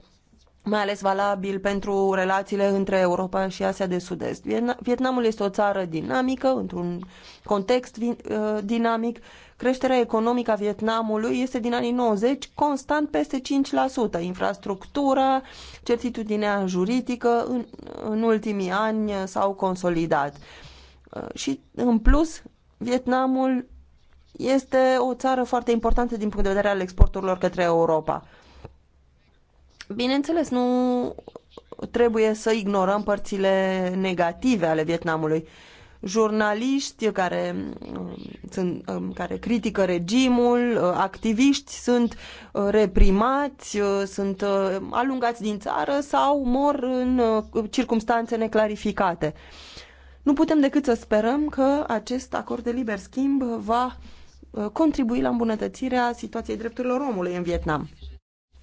G: mai ales valabil pentru relațiile între Europa și Asia de Sud-Est. Vietnamul este o țară dinamică, într-un context uh, dinamic. Creșterea economică a Vietnamului este din anii 90 constant peste 5%. Infrastructura, certitudinea juridică în, în ultimii ani s-au consolidat. Uh, și, în plus, Vietnamul este o țară foarte importantă din punct de vedere al exporturilor către Europa. Bineînțeles, nu trebuie să ignorăm părțile negative ale Vietnamului. Jurnaliști care, um, sunt, um, care critică regimul, uh, activiști sunt uh, reprimați, uh, sunt alungați din țară sau mor în circumstanțe neclarificate. Nu putem decât să sperăm că acest acord de liber schimb va uh, contribui la îmbunătățirea situației drepturilor omului în Vietnam.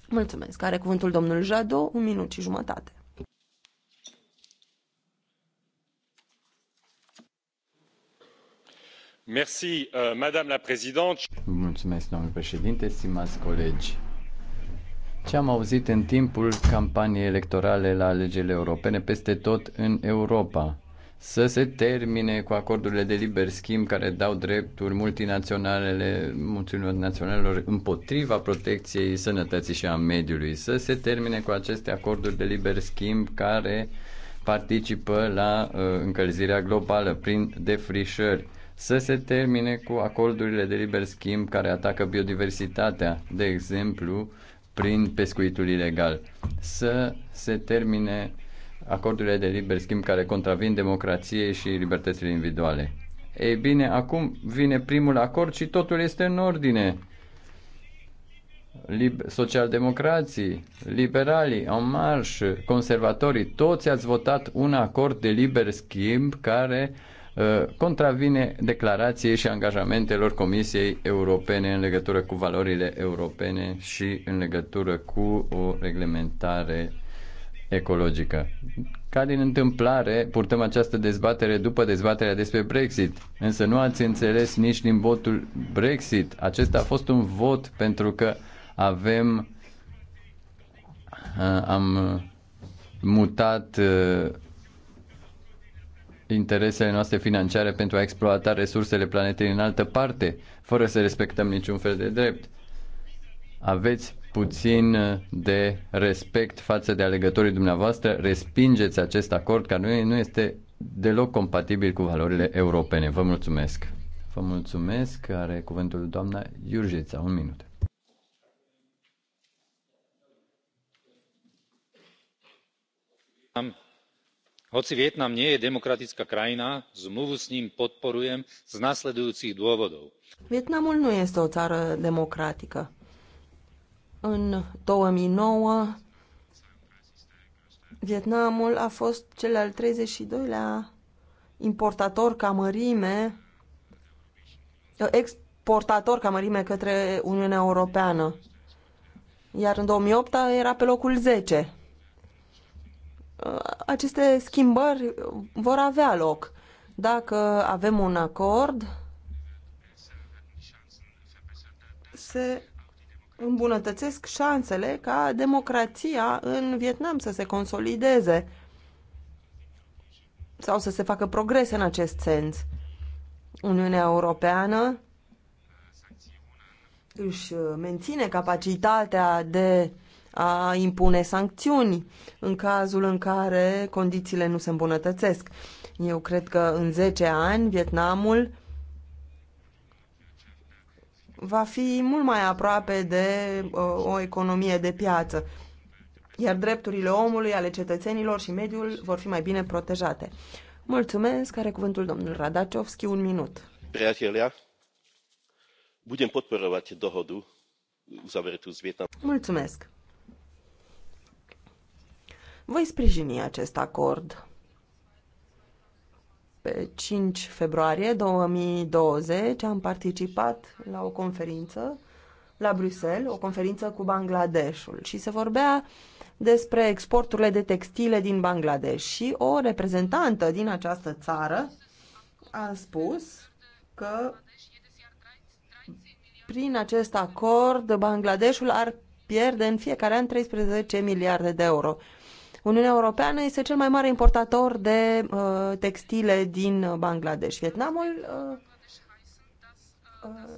G: Mulțumesc. Are cuvântul domnul Jado, un minut și jumătate. Merci,
D: uh, madame la présidente. Mulțumesc, domnule președinte, stimați colegi. Ce am auzit în timpul campaniei electorale la alegerile europene peste tot în Europa? să se termine cu acordurile de liber schimb care dau drepturi multinaționalele, multinaționalelor împotriva protecției sănătății și a mediului, să se termine cu aceste acorduri de liber schimb care participă la uh, încălzirea globală prin defrișări, să se termine cu acordurile de liber schimb care atacă biodiversitatea, de exemplu, prin pescuitul ilegal, să se termine acordurile de liber schimb care contravin democrației și libertățile individuale. Ei bine, acum vine primul acord și totul este în ordine. Lib- socialdemocrații, liberalii, en marș, conservatorii, toți ați votat un acord de liber schimb care uh, contravine declarației și angajamentelor Comisiei Europene în legătură cu valorile europene și în legătură cu o reglementare ecologică. Ca din întâmplare, purtăm această dezbatere după dezbaterea despre Brexit, însă nu ați înțeles nici din votul Brexit. Acesta a fost un vot pentru că avem am mutat interesele noastre financiare pentru a exploata resursele planetei în altă parte, fără să respectăm niciun fel de drept. Aveți puțin de respect față de alegătorii dumneavoastră, respingeți acest acord care nu este deloc compatibil cu valorile europene. Vă mulțumesc. Vă mulțumesc. Are cuvântul doamna Iurjeța. Un minut.
A: hoci vietnam nie je demokratická krajina zmluvu s ním podporujem z nasledujúcich dôvodov.
G: Vietnamul nu este o țară democratică. În 2009, Vietnamul a fost cel al 32-lea importator ca mărime, exportator ca mărime către Uniunea Europeană. Iar în 2008 era pe locul 10. Aceste schimbări vor avea loc. Dacă avem un acord, se îmbunătățesc șansele ca democrația în Vietnam să se consolideze sau să se facă progrese în acest sens. Uniunea Europeană își menține capacitatea de a impune sancțiuni în cazul în care condițiile nu se îmbunătățesc. Eu cred că în 10 ani Vietnamul va fi mult mai aproape de uh, o economie de piață, iar drepturile omului, ale cetățenilor și mediul vor fi mai bine protejate. Mulțumesc, care cuvântul domnul Radaciovski, un minut.
A: Priatelia, budem podporovat dohodu uzavretú s Vietnamom.
G: Mulțumesc. Voi sprijini acest acord. Pe 5 februarie 2020 am participat la o conferință la Bruxelles, o conferință cu Bangladeshul și se vorbea despre exporturile de textile din Bangladesh și o reprezentantă din această țară a spus că prin acest acord Bangladeshul ar pierde în fiecare an 13 miliarde de euro. Uniunea Europeană este cel mai mare importator de uh, textile din Bangladesh. Vietnamul uh, uh,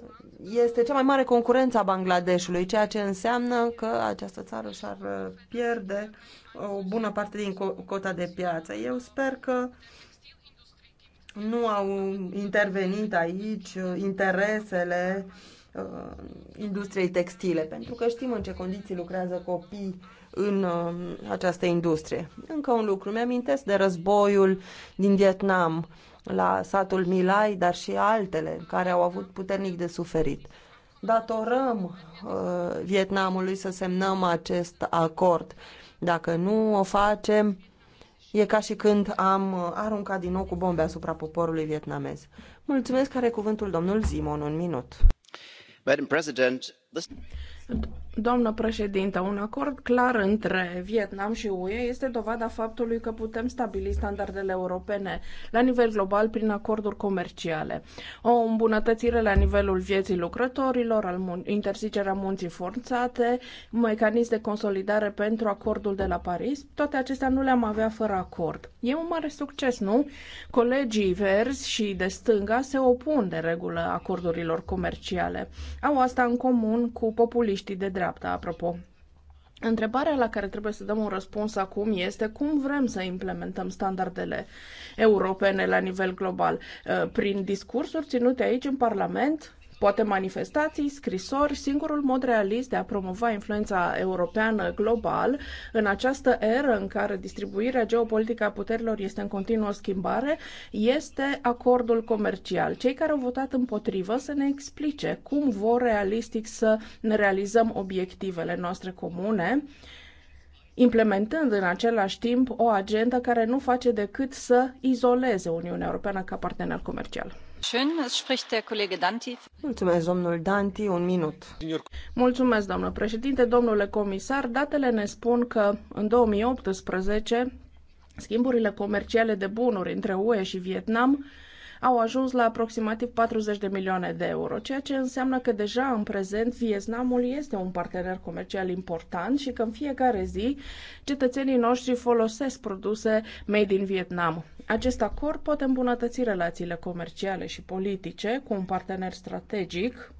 G: este cea mai mare concurență a Bangladeshului, ceea ce înseamnă că această țară și-ar uh, pierde uh, o bună parte din cota de piață. Eu sper că nu au intervenit aici interesele uh, industriei textile, pentru că știm în ce condiții lucrează copii în uh, această industrie. Încă un lucru, mi-amintesc de războiul din Vietnam la satul Milai, dar și altele care au avut puternic de suferit. Datorăm uh, Vietnamului să semnăm acest acord. Dacă nu o facem, e ca și când am uh, aruncat din nou cu bombe asupra poporului vietnamez. Mulțumesc, care cuvântul domnul Zimon, un minut.
E: Madam President,
G: this... Doamnă președintă,
F: un acord clar între Vietnam și UE este dovada faptului că putem stabili standardele europene la nivel global prin acorduri comerciale. O îmbunătățire la nivelul vieții lucrătorilor, al mun- interzicerea munții forțate, mecanism de consolidare pentru acordul de la Paris, toate acestea nu le-am avea fără acord. E un mare succes, nu? Colegii verzi și de stânga se opun de regulă acordurilor comerciale. Au asta în comun cu populiștii populiștii de dreapta, apropo. Întrebarea la care trebuie să dăm un răspuns acum este cum vrem să implementăm standardele europene la nivel global. Uh, prin discursuri ținute aici în Parlament, Poate manifestații, scrisori, singurul mod realist de a promova influența europeană global în această eră în care distribuirea geopolitică a puterilor este în continuă schimbare, este acordul comercial. Cei care au votat împotrivă să ne explice cum vor realistic să ne realizăm obiectivele noastre comune implementând în același timp o agendă care nu face decât să izoleze Uniunea Europeană ca partener comercial. Mulțumesc, domnul Danti, un minut. Mulțumesc, doamnă președinte, domnule comisar. Datele ne spun că în 2018 schimburile comerciale de bunuri între UE și Vietnam au ajuns la aproximativ 40 de milioane de euro, ceea ce înseamnă că deja în prezent Vietnamul este un partener comercial important și că în fiecare zi cetățenii noștri folosesc produse made in Vietnam. Acest acord poate îmbunătăți relațiile comerciale și politice cu un partener strategic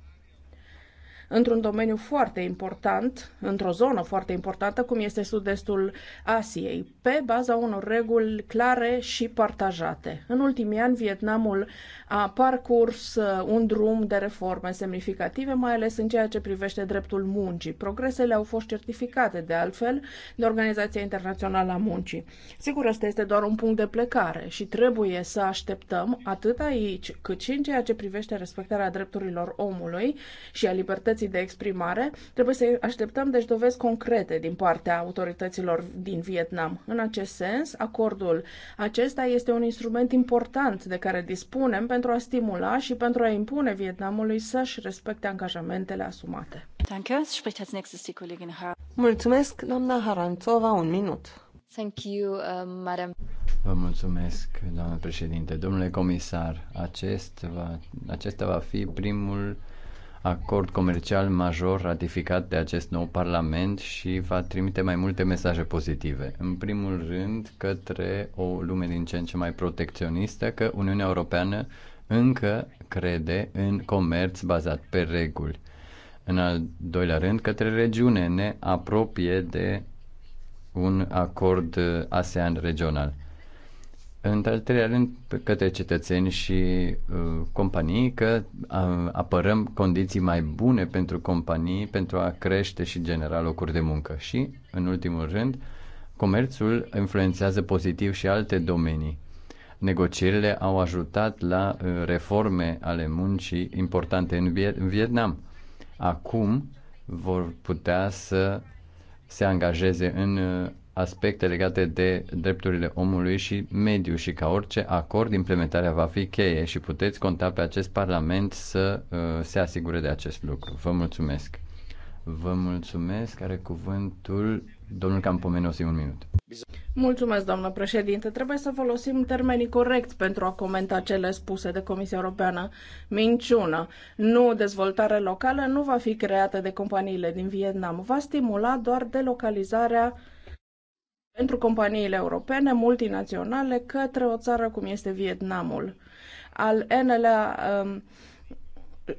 F: într-un domeniu foarte important, într-o zonă foarte importantă, cum este sud-estul Asiei, pe baza unor reguli clare și partajate. În ultimii ani, Vietnamul a parcurs uh, un drum de reforme semnificative, mai ales în ceea ce privește dreptul muncii. Progresele au fost certificate, de altfel, de Organizația Internațională a Muncii. Sigur, asta este doar un punct de plecare și trebuie să așteptăm atât aici, cât și în ceea ce privește respectarea drepturilor omului și a libertății libertății de exprimare, trebuie să așteptăm deci dovezi concrete din partea autorităților din Vietnam. În acest sens, acordul acesta este un instrument important de care dispunem pentru a stimula și pentru a impune Vietnamului să-și respecte angajamentele asumate.
G: Mulțumesc, doamna Haranțova, un minut. Thank you, uh, madam.
D: Vă mulțumesc, doamnă președinte. Domnule comisar, acest va, acesta va fi primul acord comercial major ratificat de acest nou Parlament și va trimite mai multe mesaje pozitive. În primul rând, către o lume din ce în ce mai protecționistă, că Uniunea Europeană încă crede în comerț bazat pe reguli. În al doilea rând, către regiune ne apropie de un acord ASEAN regional. În al treilea rând, către cetățeni și uh, companii, că uh, apărăm condiții mai bune pentru companii pentru a crește și genera locuri de muncă. Și, în ultimul rând, comerțul influențează pozitiv și alte domenii. Negocierile au ajutat la uh, reforme ale muncii importante în, Viet- în Vietnam. Acum vor putea să se angajeze în uh, aspecte legate de drepturile omului și mediu și ca orice acord, implementarea va fi cheie și puteți conta pe acest Parlament să uh, se asigure de acest lucru. Vă mulțumesc. Vă mulțumesc. Are cuvântul domnul Campomenosi un minut.
F: Mulțumesc, doamnă președinte. Trebuie să folosim termenii corect pentru a comenta cele spuse de Comisia Europeană. Minciună. Nu dezvoltare locală nu va fi creată de companiile din Vietnam. Va stimula doar delocalizarea pentru companiile europene multinaționale către o țară cum este Vietnamul. Al enelea um,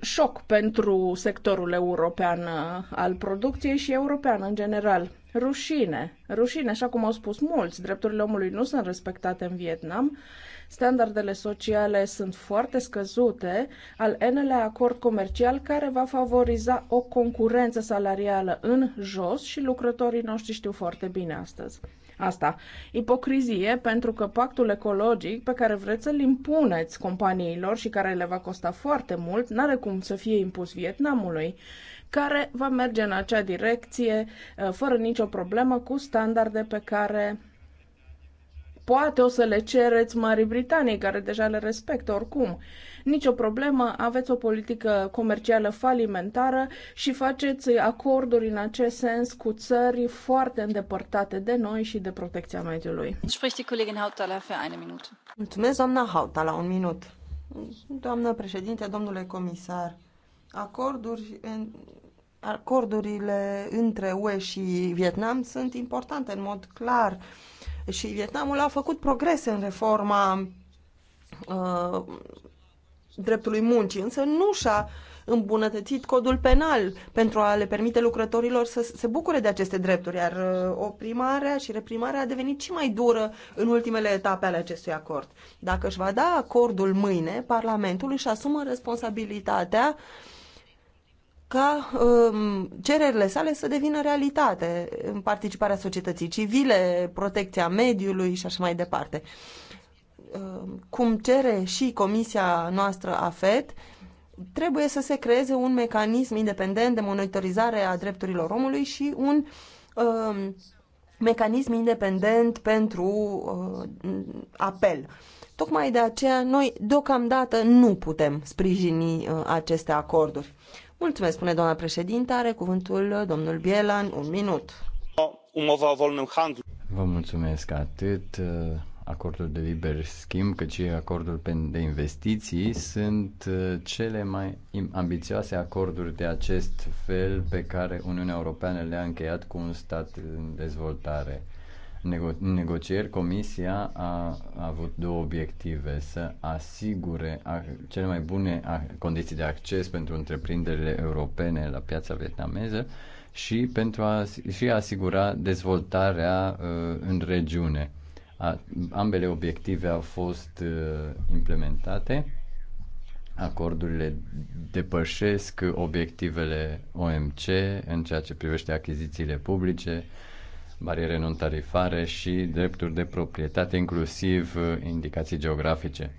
F: șoc pentru sectorul european uh, al producției și european în general. Rușine, rușine, așa cum au spus mulți, drepturile omului nu sunt respectate în Vietnam, standardele sociale sunt foarte scăzute, al enelea acord comercial care va favoriza o concurență salarială în jos și lucrătorii noștri știu foarte bine astăzi asta. Ipocrizie pentru că pactul ecologic pe care vreți să-l impuneți companiilor și care le va costa foarte mult, n-are cum să fie impus Vietnamului, care va merge în acea direcție ă, fără nicio problemă cu standarde pe care poate o să le cereți Marii Britanii, care deja le respectă oricum nicio problemă, aveți o politică comercială falimentară și faceți acorduri în acest sens cu țări foarte îndepărtate de noi și de protecția mediului.
G: Mulțumesc, doamna la un minut. Doamnă președinte, domnule
E: comisar,
G: acorduri în acordurile între UE și Vietnam sunt importante în mod clar și Vietnamul a făcut progrese în reforma uh, dreptului muncii, însă nu și-a îmbunătățit codul penal pentru a le permite lucrătorilor să se bucure de aceste drepturi, iar uh, oprimarea și reprimarea a devenit și mai dură în ultimele etape ale acestui acord. Dacă își va da acordul mâine, Parlamentul își asumă responsabilitatea ca um, cererile sale să devină realitate în participarea societății civile, protecția mediului și așa mai departe. Uh, Uh, cum cere și comisia noastră AFET, trebuie să se creeze un mecanism independent de monitorizare a drepturilor omului și un uh, mecanism independent pentru uh, apel. Tocmai de aceea noi deocamdată nu putem sprijini uh, aceste acorduri. Mulțumesc, spune doamna președinte. Are cuvântul domnul Bielan. Un minut.
D: Vă mulțumesc atât. Uh, acordul de liber schimb, cât și acordul de investiții sunt uh, cele mai ambițioase acorduri de acest fel pe care Uniunea Europeană le-a încheiat cu un stat în dezvoltare. în negocieri, Comisia a, avut două obiective, să asigure cele mai bune condiții de acces pentru întreprinderile europene la piața vietnameză și pentru a și asigura dezvoltarea uh, în regiune ambele obiective au fost uh, implementate. Acordurile depășesc obiectivele OMC în ceea ce privește achizițiile publice, bariere non-tarifare și drepturi de proprietate, inclusiv uh, indicații geografice.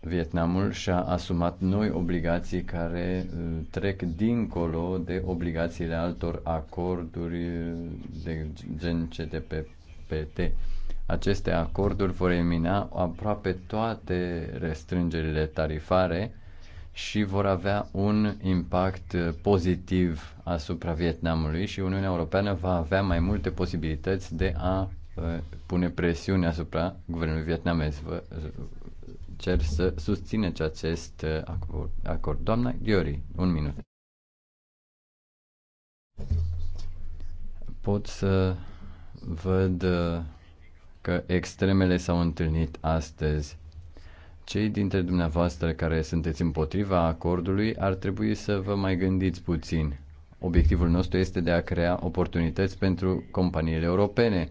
D: Vietnamul și-a asumat noi obligații care uh, trec dincolo de obligațiile altor acorduri de gen CTPP APT. Aceste acorduri vor elimina aproape toate restrângerile tarifare și vor avea un impact pozitiv asupra Vietnamului și Uniunea Europeană va avea mai multe posibilități de a uh, pune presiune asupra guvernului vietnamez. Vă uh, cer să susțineți acest uh, acord. Doamna Ghiori, un minut. Pot să văd uh, că extremele s-au întâlnit astăzi. Cei dintre dumneavoastră care sunteți împotriva acordului ar trebui să vă mai gândiți puțin. Obiectivul nostru este de a crea oportunități pentru companiile europene.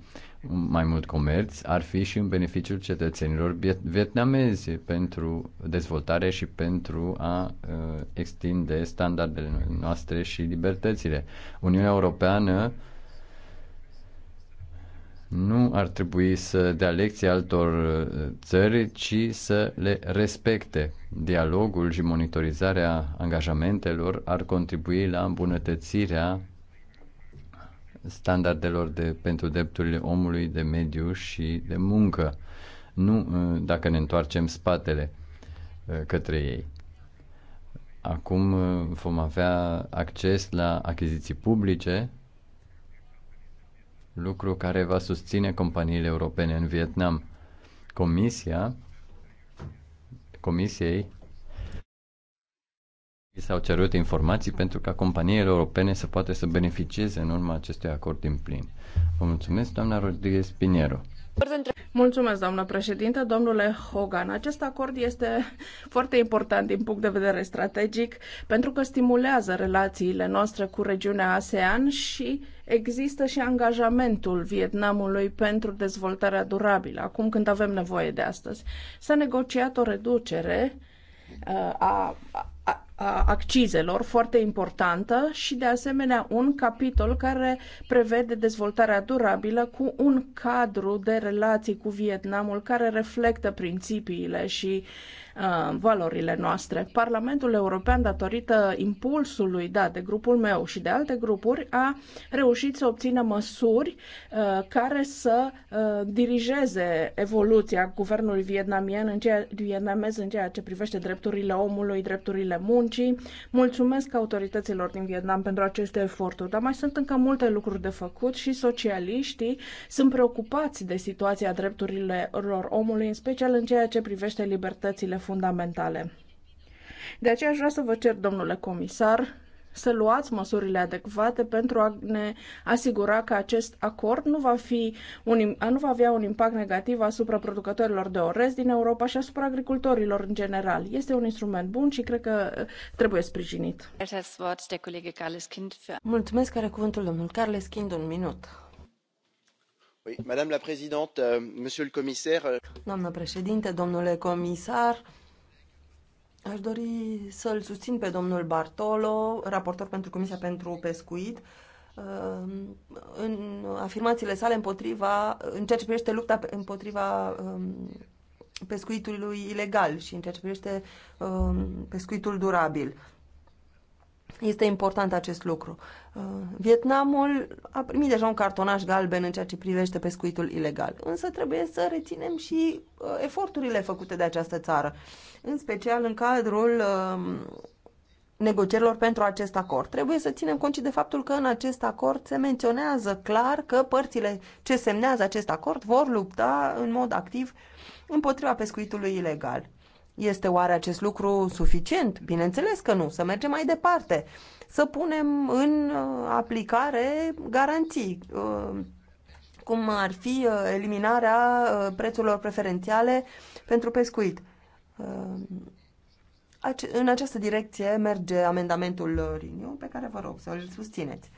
D: Mai mult comerț ar fi și în beneficiul cetățenilor vietnamezi pentru dezvoltare și pentru a uh, extinde standardele noastre și libertățile. Uniunea Europeană uh, nu ar trebui să dea lecții altor uh, țări, ci să le respecte. Dialogul și monitorizarea angajamentelor ar contribui la îmbunătățirea standardelor de, pentru drepturile omului, de mediu și de muncă. Nu uh, dacă ne întoarcem spatele uh, către ei. Acum vom avea acces la achiziții publice lucru care va susține companiile europene în Vietnam. Comisia, comisiei s-au cerut informații pentru ca companiile europene să poată să beneficieze în urma acestui acord din plin. Vă mulțumesc, doamna Rodriguez Pinero.
F: Mulțumesc, doamnă președinte, Domnule Hogan, acest acord este foarte important din punct de vedere strategic pentru că stimulează relațiile noastre cu regiunea ASEAN și există și angajamentul Vietnamului pentru dezvoltarea durabilă, acum când avem nevoie de astăzi. S-a negociat o reducere uh, a, a, a accizelor, foarte importantă, și de asemenea un capitol care prevede dezvoltarea durabilă cu un cadru de relații cu Vietnamul care reflectă principiile și uh, Uh, valorile noastre. Parlamentul European, datorită impulsului dat de grupul meu și de alte grupuri, a reușit să obțină măsuri uh, care să uh, dirigeze evoluția guvernului vietnamian în ceea, vietnamez în ceea ce privește drepturile omului, drepturile muncii. Mulțumesc autorităților din Vietnam pentru aceste eforturi, dar mai sunt încă multe lucruri de făcut și socialiștii sunt preocupați de situația drepturilor omului, în special în ceea ce privește libertățile fundamentale. De aceea aș vrea să vă cer, domnule comisar, să luați măsurile adecvate pentru a ne asigura că acest acord nu va, fi un, nu va avea un impact negativ asupra producătorilor de orez din Europa și asupra agricultorilor în general. Este un instrument bun și
G: cred că uh,
F: trebuie sprijinit.
G: Mulțumesc, are cuvântul domnul Carles Kind, un minut.
E: Euh, euh,
G: Doamnă președinte, domnule comisar, aș dori să-l susțin pe domnul Bartolo, raportor pentru Comisia pentru Pescuit, uh, în afirmațiile sale împotriva, în ceea ce privește lupta împotriva um, pescuitului ilegal și în ceea ce privește um, pescuitul durabil. Este important acest lucru. Uh, Vietnamul a primit deja un cartonaș galben în ceea ce privește pescuitul ilegal, însă trebuie să reținem și uh, eforturile făcute de această țară, în special în cadrul um, negocierilor pentru acest acord. Trebuie să ținem cont și de faptul că în acest acord se menționează clar că părțile ce semnează acest acord vor lupta în mod activ împotriva pescuitului ilegal. Este oare acest lucru suficient? Bineînțeles că nu, să mergem mai departe, să punem în uh, aplicare garanții, uh, cum ar fi uh, eliminarea prețurilor preferențiale pentru pescuit. În această direcție merge amendamentul Riniu, pe care vă rog să îl susțineți.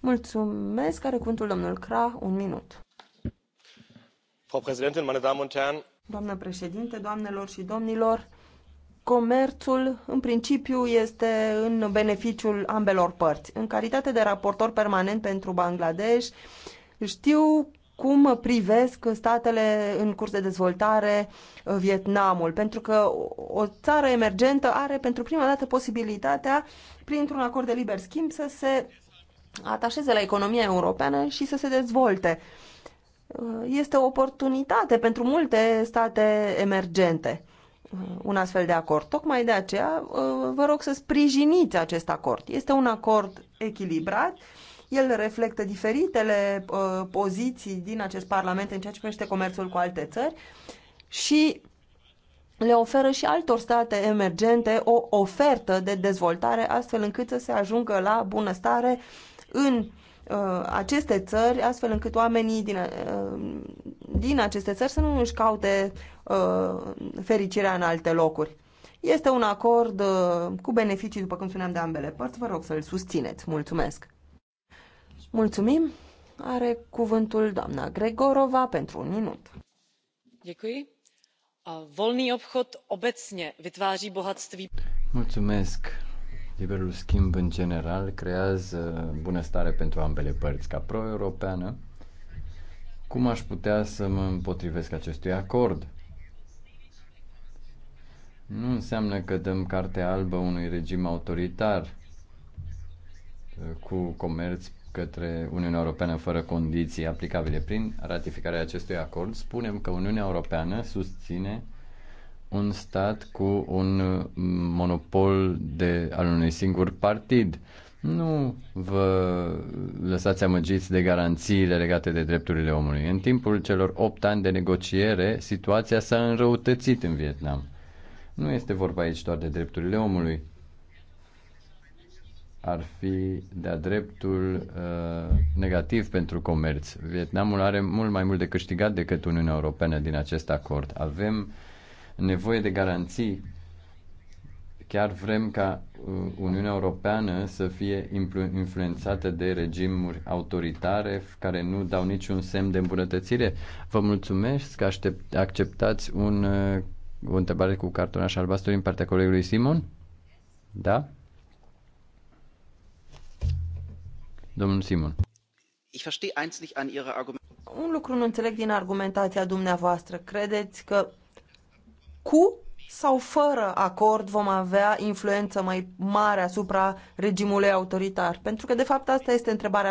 G: Mulțumesc, are cuvântul domnul Cra, un minut.
E: Frau Präsidentin, meine Damen und Herren!
G: Doamnă președinte, doamnelor și domnilor, comerțul în principiu este în beneficiul ambelor părți. În calitate de raportor permanent pentru Bangladesh, știu cum privesc statele în curs de dezvoltare uh, Vietnamul, pentru că o țară emergentă are pentru prima dată posibilitatea, printr-un acord de liber schimb, să se atașeze la economia europeană și să se dezvolte. Uh, Uh, este o oportunitate pentru multe state emergente uh, un astfel de acord. Tocmai de aceea uh, vă rog să sprijiniți acest acord. Este un acord echilibrat, el reflectă diferitele poziții din acest Parlament în ceea ce privește comerțul cu alte țări și le oferă și altor state emergente o ofertă de dezvoltare astfel încât să se ajungă la bunăstare în uh, aceste țări, astfel încât oamenii din, uh, din aceste țări să nu își caute uh, fericirea în alte locuri. Este un acord uh, cu beneficii, după cum spuneam, de ambele părți. Vă rog să-l susțineți. Mulțumesc! Mulțumim! Are cuvântul doamna Gregorova pentru un minut.
E: Děkuji. Volný obchod obecně vytváří bohatství.
D: Mulțumesc. Liberul schimb în general creează bunăstare pentru ambele părți. Ca pro-europeană, cum aș putea să mă împotrivesc acestui acord? Nu înseamnă că dăm carte albă unui regim autoritar uh, cu comerț către Uniunea Europeană fără condiții aplicabile. Prin ratificarea acestui acord, spunem că Uniunea Europeană susține un stat cu un mm, monopol de, al unui singur partid. Nu vă lăsați amăgiți de garanțiile legate de drepturile omului. În timpul celor 8 ani de negociere, situația s-a înrăutățit în Vietnam. Nu este vorba aici doar de drepturile omului. Ar fi de-a dreptul uh, negativ pentru comerț. Vietnamul are mult mai mult de câștigat decât Uniunea Europeană din acest acord. Avem uh, nevoie de garanții. Chiar vrem ca uh, Uniunea Europeană să fie influențată de regimuri autoritare care nu dau niciun semn de îmbunătățire. Vă mulțumesc că aștept, acceptați un, uh, o întrebare cu cartonaș albastru din partea colegului Simon. Da? Domnul Simon.
E: Ich verstehe eins nicht an Ihre Argument.
G: Un lucru nu înțeleg din argumentația dumneavoastră. Credeți că cu sau fără acord vom avea influență mai mare asupra regimului autoritar? Pentru că, de fapt, asta este întrebarea la